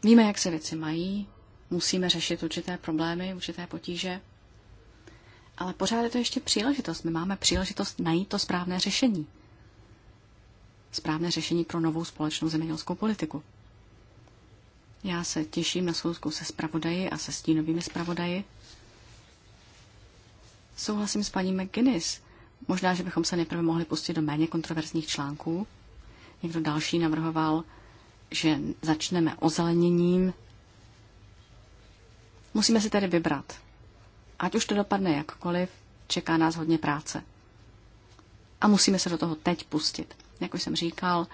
Víme, jak se věci mají, musíme řešit určité problémy, určité potíže. Ale pořád je to ještě příležitost. My máme příležitost najít to správné řešení. Správné řešení pro novou společnou zemědělskou politiku. Já se těším na schůzku se spravodaji a se stínovými spravodaji. Souhlasím s paní McGuinness. Možná, že bychom se nejprve mohli pustit do méně kontroverzních článků. Někdo další navrhoval, že začneme ozeleněním. Musíme si tedy vybrat. Ať už to dopadne jakkoliv, čeká nás hodně práce. A musíme se do toho teď pustit. Jak už jsem říkal,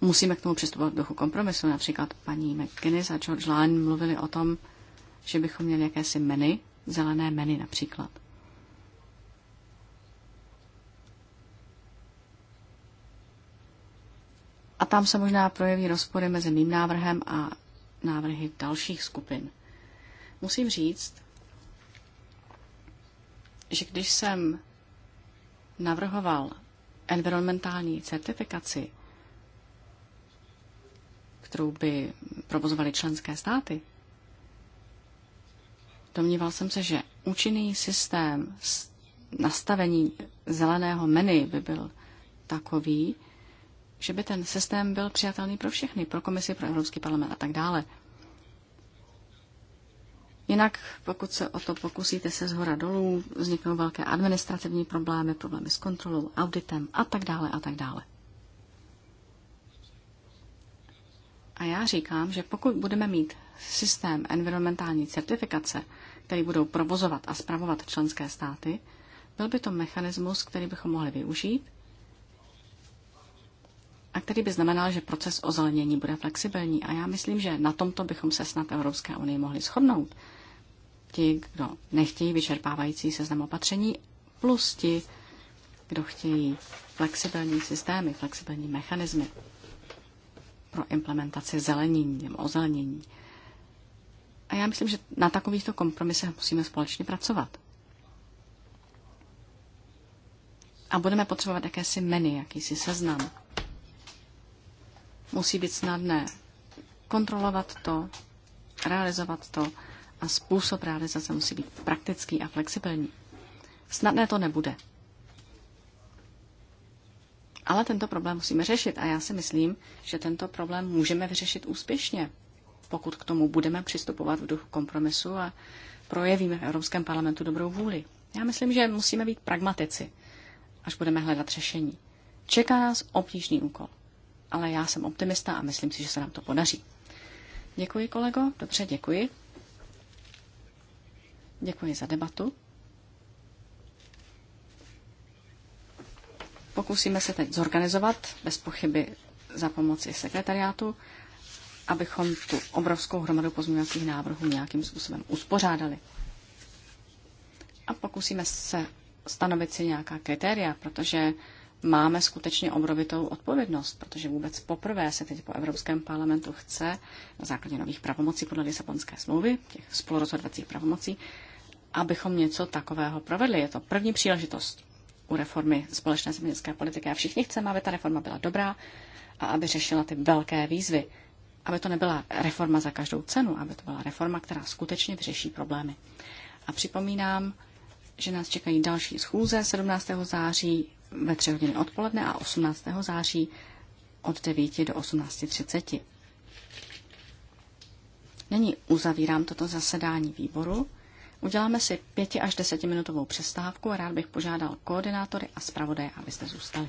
musíme k tomu přistupovat v duchu kompromisu. Například paní McGuinness a George Lane mluvili o tom, že bychom měli jakési meny, zelené meny například. A tam se možná projeví rozpory mezi mým návrhem a návrhy dalších skupin. Musím říct, že když jsem navrhoval environmentální certifikaci, kterou by provozovaly členské státy, domníval jsem se, že účinný systém nastavení zeleného menu by byl takový, že by ten systém byl přijatelný pro všechny, pro komisi, pro Evropský parlament a tak dále. Jinak, pokud se o to pokusíte se zhora dolů, vzniknou velké administrativní problémy, problémy s kontrolou, auditem a tak dále a tak dále. A já říkám, že pokud budeme mít systém environmentální certifikace, který budou provozovat a spravovat členské státy, byl by to mechanismus, který bychom mohli využít a který by znamenal, že proces ozelenění bude flexibilní. A já myslím, že na tomto bychom se snad Evropské unii mohli shodnout ti, kdo nechtějí vyčerpávající seznam opatření, plus ti, kdo chtějí flexibilní systémy, flexibilní mechanismy pro implementaci zelenění nebo ozelenění. A já myslím, že na takovýchto kompromisech musíme společně pracovat. A budeme potřebovat jakési menu, jakýsi seznam. Musí být snadné kontrolovat to, realizovat to a způsob realizace musí být praktický a flexibilní. Snadné to nebude. Ale tento problém musíme řešit a já si myslím, že tento problém můžeme vyřešit úspěšně, pokud k tomu budeme přistupovat v duchu kompromisu a projevíme v Evropském parlamentu dobrou vůli. Já myslím, že musíme být pragmatici, až budeme hledat řešení. Čeká nás obtížný úkol, ale já jsem optimista a myslím si, že se nám to podaří. Děkuji, kolego. Dobře, děkuji. Děkuji za debatu. Pokusíme se teď zorganizovat, bez pochyby za pomoci sekretariátu, abychom tu obrovskou hromadu pozměňovacích návrhů nějakým způsobem uspořádali. A pokusíme se stanovit si nějaká kritéria, protože máme skutečně obrovitou odpovědnost, protože vůbec poprvé se teď po Evropském parlamentu chce na základě nových pravomocí podle Lisabonské smlouvy, těch spolurozhodovacích pravomocí, abychom něco takového provedli. Je to první příležitost u reformy společné zemědělské politiky. A všichni chceme, aby ta reforma byla dobrá a aby řešila ty velké výzvy. Aby to nebyla reforma za každou cenu, aby to byla reforma, která skutečně vyřeší problémy. A připomínám, že nás čekají další schůze 17. září ve 3 hodiny odpoledne a 18. září od 9 do 18.30. Nyní uzavírám toto zasedání výboru Uděláme si pěti až desetiminutovou přestávku a rád bych požádal koordinátory a zpravodaje, abyste zůstali.